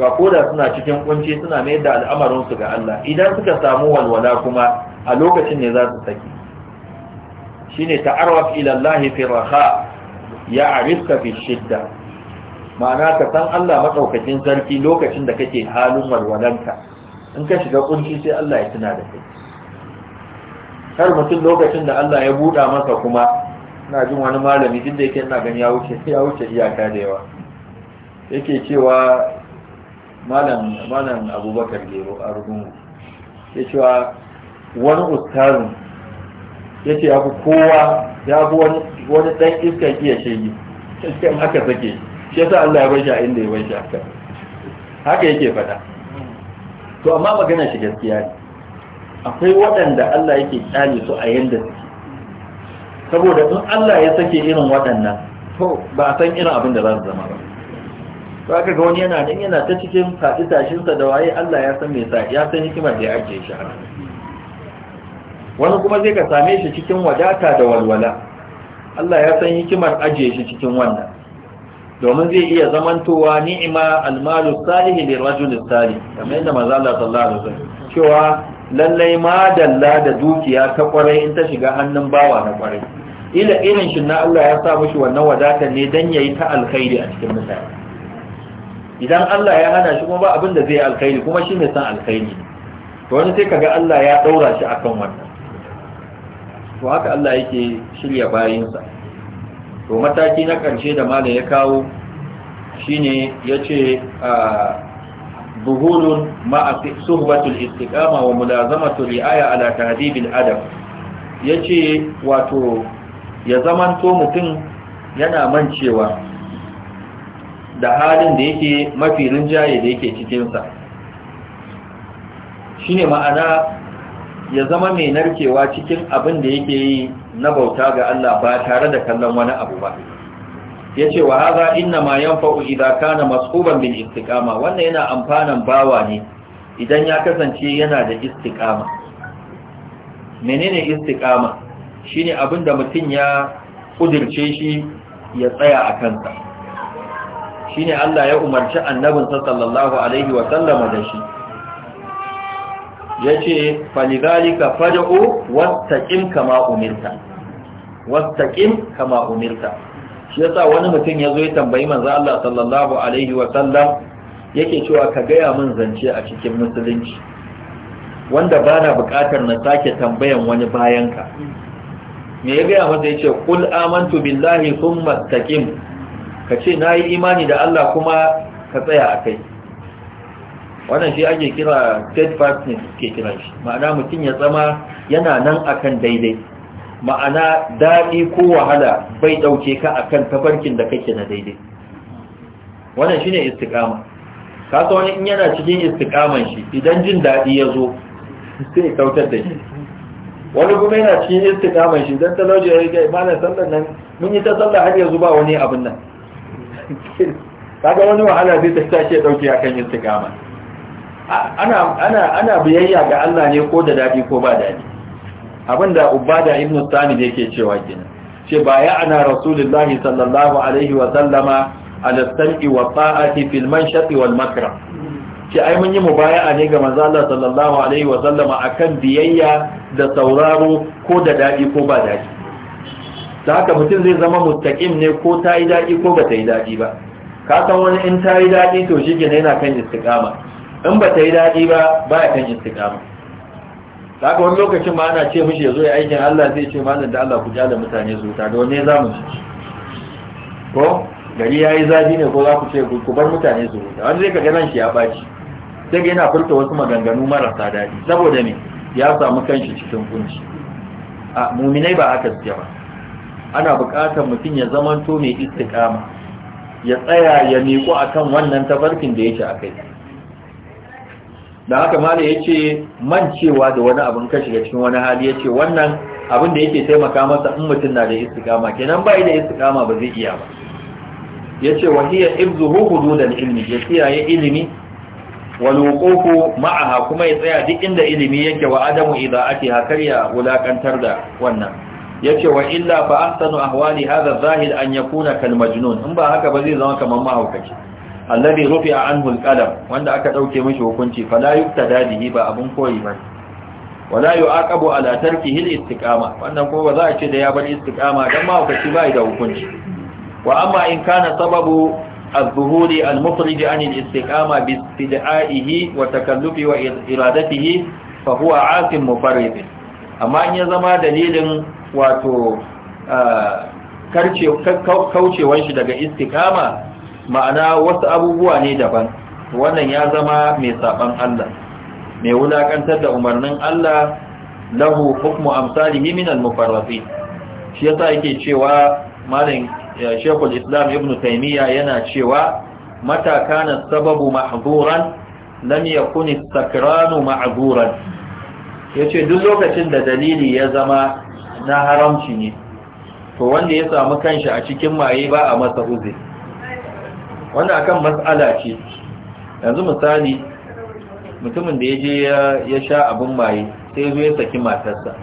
A: ko koda suna cikin kunci suna mai da al'amarinsu ga Allah idan suka samu walwala kuma a lokacin ne za su saki shine ta'arraf ila Allah fi raha arifka fi shidda ma'ana ka san Allah madaukakin sarki lokacin da kake halin walwalanka in ka shiga kunci sai Allah ya tuna da kai har mutum lokacin da Allah ya buɗa masa kuma ina jin wani malami duk da yake ina gani ya wuce ya wuce iyaka da yawa yake cewa malam abubakar gero a rugungu ya cewa wani ustazin ya ce ya kowa ya bu wani ɗan iskan iya shege iskan haka sake shi yasa Allah ya bai shi a inda ya bai shi haka haka yake faɗa to amma magana shi gaskiya ne akwai waɗanda Allah yake kyale su a yanda suke saboda in Allah ya sake irin waɗannan to ba a san irin abin da za su zama ba ba ka ga wani yana nan yana ta cikin faɗi tashinsa da waye Allah ya san me ya san hikimar da ya ajiye shi haka wani kuma zai ka same shi cikin wadata da walwala Allah ya san hikimar ajiye shi cikin wannan domin zai iya zamantowa ni'ima almalu salihi li rajul salih kamar yadda manzo Allah sallallahu alaihi wasallam cewa lallai ma dalla da dukiya ta kwarai in ta shiga hannun bawa na kwarai ila irin shi na Allah ya sa mishi wannan wadatar ne dan yayi ta alkhairi a cikin mutane idan Allah ya hana shi kuma ba abin da zai alkhairi kuma shi mai san alkhairi to wani sai kaga Allah ya daura shi akan wannan to haka Allah yake shirya bayinsa to mataki na karshe da malam ya kawo shine yace ظهور ah, suhbatul istiqama wa mulazamatu ri'aya ala tahdibil adab yace wato ya zamanto mutum yana mancewa da halin da yake mafi rinjaye da yake cikinsa shi ne ma'ana ya zama mai narkewa cikin abin da yake yi na bauta ga Allah ba tare da kallon wani abu ba ya ce wa haza inna ma yan fa'u idaka na mas'uban bin istikama wannan yana amfanan bawa ne idan ya kasance yana da istikama menene istikama shine abin da mutum ya ƙudirce shi ya tsaya a kansa shine Allah ya umarci annabinsa sallallahu alaihi wa da shi yace falidhalika fad'u wastaqim kama umirta wastaqim kama umirta shi yasa wani mutum ya zo ya tambayi manzo Allah sallallahu alaihi wa sallam yake cewa ka gaya min zance a cikin musulunci wanda bana buƙatar na sake tambayan wani bayan ka me ya gaya masa yace qul amantu billahi sun mastaƙin? ka ce na yi imani da Allah kuma ka tsaya a kai wannan shi ake kira steadfastness ke kiran shi ma'ana mutum ya tsama yana nan akan daidai ma'ana daɗi ko wahala bai ɗauke ka akan tafarkin da kake na daidai wannan shi ne istikama kasa wani in yana cikin istikaman shi idan jin daɗi ya zo sai kautar da shi wani kuma yana cikin istikaman shi don talauci ya rike imanin sallar nan mun yi ta sallar har yanzu ba wani abin nan kaga wani wahala zai ta ya dauke akan yin tigama ana ana ana biyayya ga Allah ne ko da dadi ko ba dadi abinda ubada ibn ne yake cewa kina ce ba ya ana rasulullahi sallallahu alaihi wa sallama ala sam'i wa ta'ati fil manshati wal makra ce ai mun yi mubaya'a ne ga manzo Allah sallallahu alaihi wa sallama akan biyayya da sauraro ko da dadi ko ba dadi Da haka mutum zai zama mutakim ne ko ta yi daɗi ko ba ta yi daɗi ba ka san wani in ta yi daɗi to shi gina yana kan istikama, in ba ta yi daɗi ba ba ya kan istiqama ta haka wani lokacin ma ana ce mishi ya zo ya aikin Allah zai ce ma da Allah ku jala mutane su ta da wani za mu ko gari ya yi zafi ne ko za ku ce ku bar mutane su ta, wani zai ka ganan shi ya ɓaci sai yana furta wasu maganganu marasa daɗi saboda me ya samu kanshi cikin kunci a muminai ba haka suke ba ana buƙatar mutum ya to mai istiqama ya tsaya ya miƙo akan wannan tabarkin da yake kai. da haka mala yace cewa da wani abin ka shiga cikin wani hali yace wannan abin da yake taimaka masa in mutum na da istiqama kenan bai da istiqama ba zai iya ba yace wa hiya ibzuhu hududal ilmi ya kiyaye ilimi walwuqufu ma'aha kuma ya tsaya duk inda ilimi yake wa adamu ake kar ya wulakantar da wannan yace wa illa fa ahsanu ahwali hadha zahid an yakuna kal majnun in ba haka ba zai zama kamar mahaukaci alladhi rufi'a anhu al-qalam wanda aka dauke mishi hukunci fala yuktada bihi ba abun koyi ba wala yu'aqabu ala tarkihi al-istiqama wannan kuma ba za a ce da ya bar istiqama dan mahaukaci ba da hukunci wa amma in kana sababu الظهور المخرج عن الاستقامة باستدعائه وتكلفه وإرادته فهو عاصم مفرد أما أن يزما دليل wato kaucewan shi daga istikama ma'ana wasu abubuwa ne daban wannan ya zama mai saban Allah mai wulakantar da umarnin Allah lahu hukmu amsalihi min al shi yasa yake cewa malam shekul Islam Ibn Taymiyyah yana cewa matakana sababu ma'azuran, lam kuni sakranu sakranu ya yace duk lokacin da dalili ya zama na haramci ne to wanda ya samu kanshi a cikin maye ba a masa uzi wanda akan matsala ce yanzu misali mutumin da ya je ya sha abin maye sai zo ya saki matarsa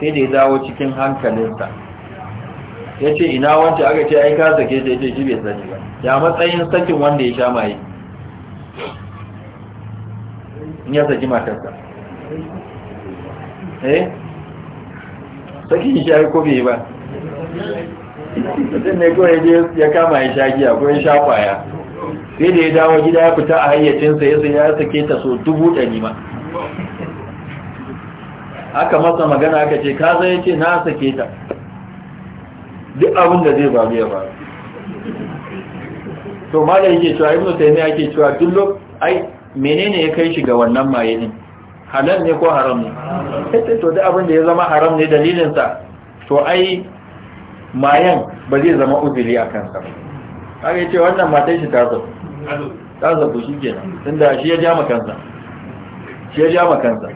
A: sai da ya dawo cikin hankalinsa ya ce ina wancan aka ce aika sake ta ce shi bai sani ba ya matsayin sakin wanda ya sha maye ya saki matarsa eh sakin shi ko bai ba mutum ne kawai je ya kama ya sha giya ko ya sha kwaya sai da ya dawo gida ya fita a hayyacinsa ya sai ya sake ta so dubu ɗari ma aka masa magana aka ce ka zai ce na sake ta duk abin da zai babu ya
B: faru
A: to ma da yake cewa ibnu taymiya yake cewa duk lok ai menene ya kai shi ga wannan maye din halal ne ko haram ne sai to duk abin da ya zama haram ne dalilin sa to ai mayan ba zai zama uzuri a kansa haka yace wannan matar shi ta zabu ta zabu shi kenan tunda shi ya jama kansa shi ya jama kansa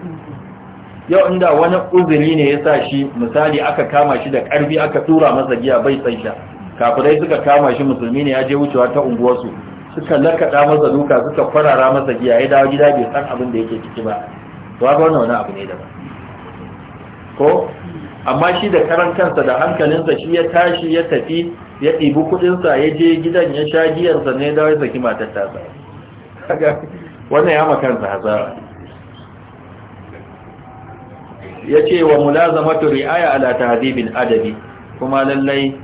A: yau inda wani uzuri ne ya sa shi misali aka kama shi da karfi aka tura masa giya bai san sha kafirai suka kama shi musulmi ne ya je wucewa ta unguwarsu suka lakada masa duka suka farara masa giya ya dawo gida bai san abin da yake ciki ba to ba wannan wani abu ne ba? ko amma shi da karan kansa da hankalinsa shi ya tashi ya tafi ya ɗibi kuɗinsa ya je gidan ya sha giyarsa ne da wai saki matar tasa wannan ya makansa hazara. ya ce wa mulazamatu ri'aya ala tahdibin adabi kuma lallai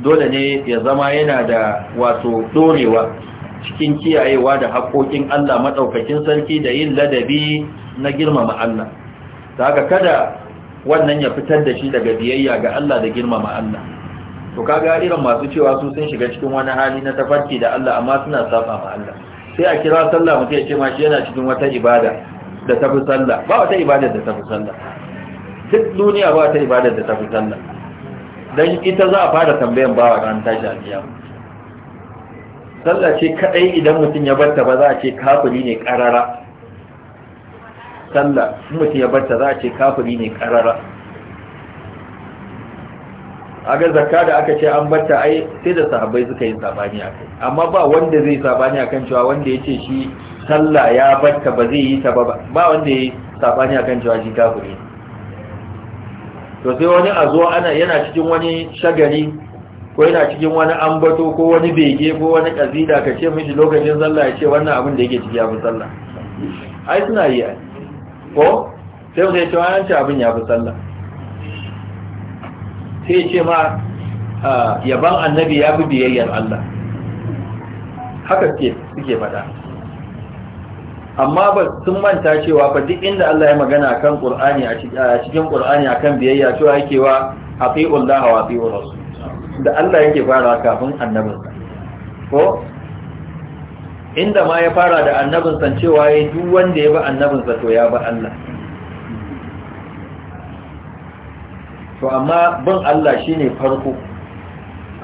A: dole ne ya zama yana da wato dorewa cikin kiyayewa da haƙoƙin Allah maɗaukakin sarki da yin ladabi na girmama Allah ta haka kada wannan ya fitar da shi daga biyayya ga Allah da girmama Allah to kaga irin masu cewa su sun shiga cikin wani hali na tafarki da Allah amma suna saba ma Allah sai a kira sallah mutum ya ce ma shi yana cikin wata ibada da tafi sallah ba wata ibada da tafi sallah duk duniya ba wata ibada da tafi sallah dan ita za a fara tambayan bawa ran tashi alƙiyama sallah ce kadai idan mutum ya barta ba za a ce kafiri ne karara sallah mutum ya barta za a ce kafiri ne karara aga zakka da aka ce an barta ai sai da sahabbai suka yi sabani akai amma ba wanda zai sabani akan cewa wanda yace shi sallah ya barta ba zai yi ta ba ba wanda yayi sabani akan cewa shi kafiri to sai wani a zo ana yana cikin wani shagari ko yana cikin wani ambato ko wani bege ko wani kazida ka ce miji lokacin sallah ya ce wannan abin da yake ciki ya fi sallah ai suna yi ai ko sai mu ce wannan ce abin ya fi sallah sai ce ma ah, yaban annabi ya fi biyayyar Allah haka ce suke faɗa amma ba sun manta cewa fa duk inda Allah ya magana kan Qur'ani a cikin Qur'ani akan biyayya to yake wa aqi'ullaha wa aqi'ur rasul da Allah yake fara kafin annabinsa ko inda ma ya fara da annabinsa cewa ya duk wanda ya bi annabinsa to ya bi Allah to amma bin Allah shi ne farko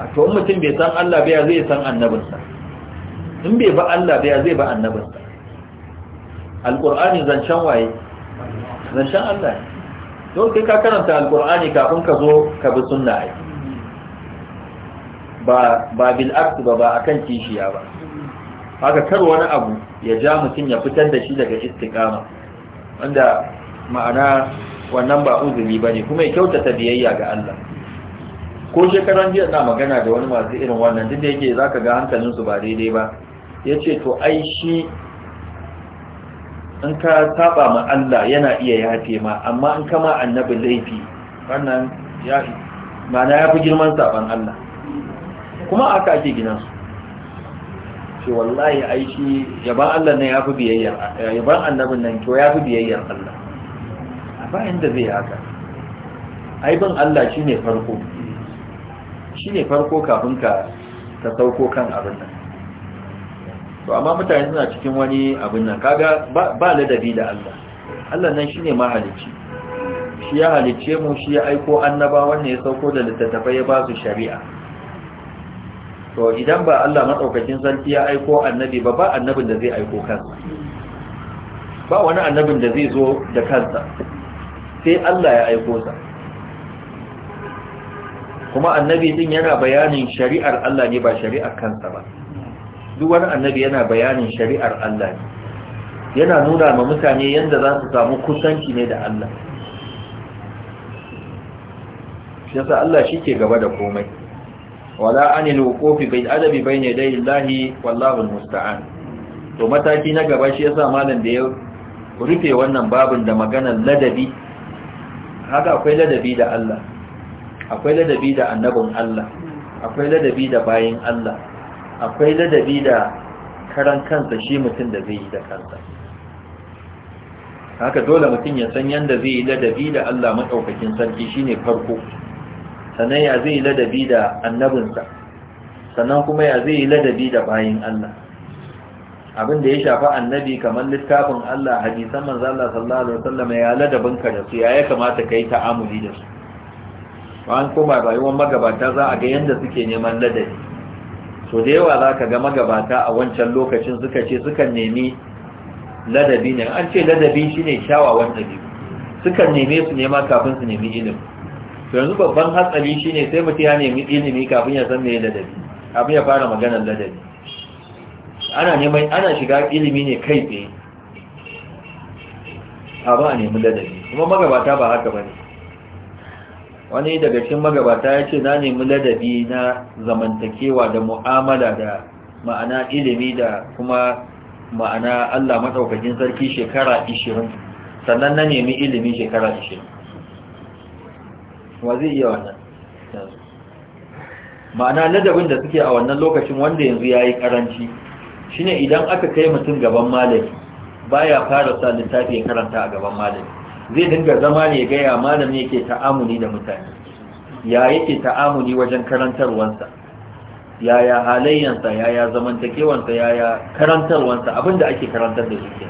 A: a to mutum bai san Allah bai ya zai san annabinsa in bai bi Allah bai ya zai bi annabinsa alqur'ani zancen waye zancen Allah to kai ka karanta alqur'ani kafin ka zo ka bi sunna ai ba ba bil ba a kan kishiya ba haka kar wani abu ya ja mutum ya fitar da shi daga istiqama wanda ma'ana wannan ba uzuri bane kuma ya kyautata biyayya ga Allah ko shekaran jiya na magana da wani masu irin wannan duk da yake zaka ga hankalin su ba daidai ba yace to ai shi in ka saba ma Allah yana iya yafe ma amma in kama annabi laifi wannan ya ya fi girman saban Allah kuma aka ake gina su ce wallahi aiki yaban Allah nan ya fi biyayya yaban annabin nan kyau ya fi biyayya Allah a bayan da zai haka aibin Allah shi ne farko shi ne farko kafin ka ta sauko kan abin nan to amma mutane suna cikin wani abin nan kaga ba ladabi da Allah Allah nan shi ne mahalicci shi ya halicce mu shi ya aiko annaba wanda ya sauko da littattafai ya ba su shari'a to idan ba Allah maɗaukakin sarki ya aiko annabi ba ba annabin da zai aiko kansa ba wani annabin da zai zo da kansa sai Allah ya aiko sa kuma annabi din yana bayanin shari'ar Allah ne ba shari'ar kansa ba duk wani annabi yana bayanin shari'ar Allah ne yana nuna ma mutane yadda za su samu kusanci ne da Allah shi yasa Allah shi ke gaba da komai wala anil wuqufi bil adabi bai bayna yaday Allah wallahu musta'an. to mataki na gaba shi yasa malam da ya rufe wannan babin da maganar ladabi haka akwai ladabi da Allah akwai ladabi da annabin Allah akwai ladabi da bayin Allah akwai ladabi da karan kansa shi mutum da zai yi da kansa haka dole mutum ya san yadda zai yi ladabi da Allah maɗaukakin sarki shi ne farko sannan ya zai ladabi da annabinsa sannan kuma ya zai ladabi da bayin Allah abin da ya shafi annabi kamar littafin Allah hadisan manzo Allah sallallahu alaihi wasallam ya ka da su ya kamata kai ta'amuli da su an koma rayuwar magabata za a ga yadda suke neman ladabi so da yawa za ka ga magabata a wancan lokacin suka ce sukan nemi ladabi ne an ce ladabi shine kyawawan ɗabi'u sukan neme su nema kafin su nemi ilimi to yanzu babban hatsari shi ne sai mutum ya nemi ilimi kafin ya san mai ladabi kafin ya fara maganar ladabi ana neman ana shiga ilimi ne kai tsaye a ba a nemi ladabi kuma magabata ba haka ba ne wani daga cikin magabata ya ce na nemi ladabi na zamantakewa da mu'amala da ma'ana ilimi da kuma ma'ana Allah matsaukakin sarki shekara 20 sannan na nemi ilimi shekara 20 wa zai iya wannan ma'ana ladabin da suke a wannan lokacin wanda yanzu ya yi karanci ne idan aka kai mutum gaban malami baya fara sa littafi ya karanta a gaban malami zai dinga zama ne gaya malami yake ta'amuni da mutane ya yake ta'amuni wajen karantarwansa yaya halayyansa yaya zamantakewansa yaya karantarwansa abinda ake karantar da su ke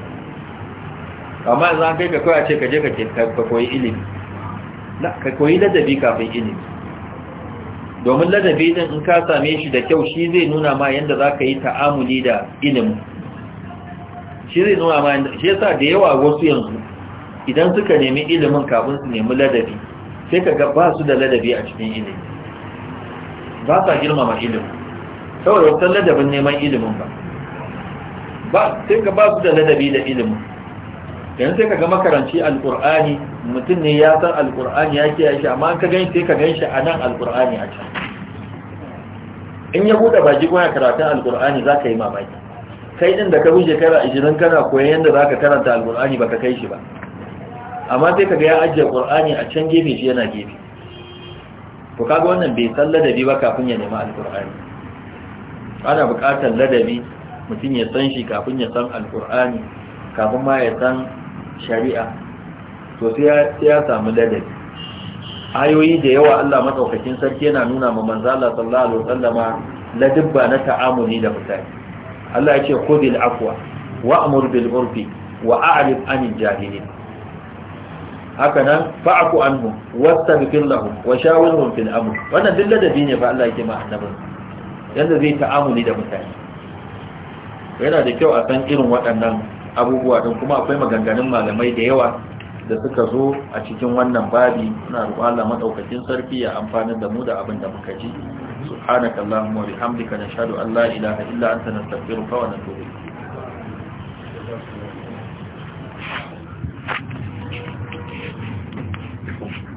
A: amma za kai ka kawai a ce ka je ka koyi ilimi ka koyi ladabi kafin ilimi domin ladabi din in ka same shi da kyau shi zai nuna ma yadda za ka yi ta'amuli da ilimi shi zai nuna ma yadda shi yasa da yawa wasu yanzu idan suka nemi ilimin kafin su nemi ladabi sai ka ga ba su da ladabi a cikin ilimi ba sa girmama ilimi saboda wata ladabin neman ilimin ba ba sai ka ba su da ladabi da ilimin yanzu sai ka ga makaranci alkur'ani mutum ne ya san alkur'ani ya ke shi amma ka gani sai ka gan shi a nan alkur'ani a can in ya buɗe baki kuma ya karatun alkur'ani za ka yi mamaki kai ɗin da ka bi shekara ishirin kana koyan yadda za ka karanta alkur'ani ba ka kai shi ba amma sai ka ga ya ajiye ƙur'ani a can gefe shi yana gefe to kaga wannan bai san ladabi ba kafin ya nemi alkur'ani ana buƙatar ladabi mutum ya san shi kafin ya san alkur'ani kafin ma ya san shari'a to sai ya samu ladabi ayoyi da yawa Allah madaukakin sarki yana nuna ma manzo Allah sallallahu alaihi wasallama ladabba na ta'amuli da mutane Allah ya ce khudil afwa wa'mur bil urfi wa a'rif anil jahilin haka nan fa'aku anhum wastaghfir lahum wa shawirhum fil amr wannan duk ladabi ne fa Allah yake ma annabi yanda zai ta'amuli da mutane yana da kyau a san irin waɗannan abubuwa don kuma akwai maganganun malamai da yawa da suka zo a cikin wannan babi na rubala madaukakin sarfi ya amfani da mu da abin da muka ji subhanaka wa bihamdika nashhadu an la ilaha illa anta nastaghfiruka wa natubu
B: ilayk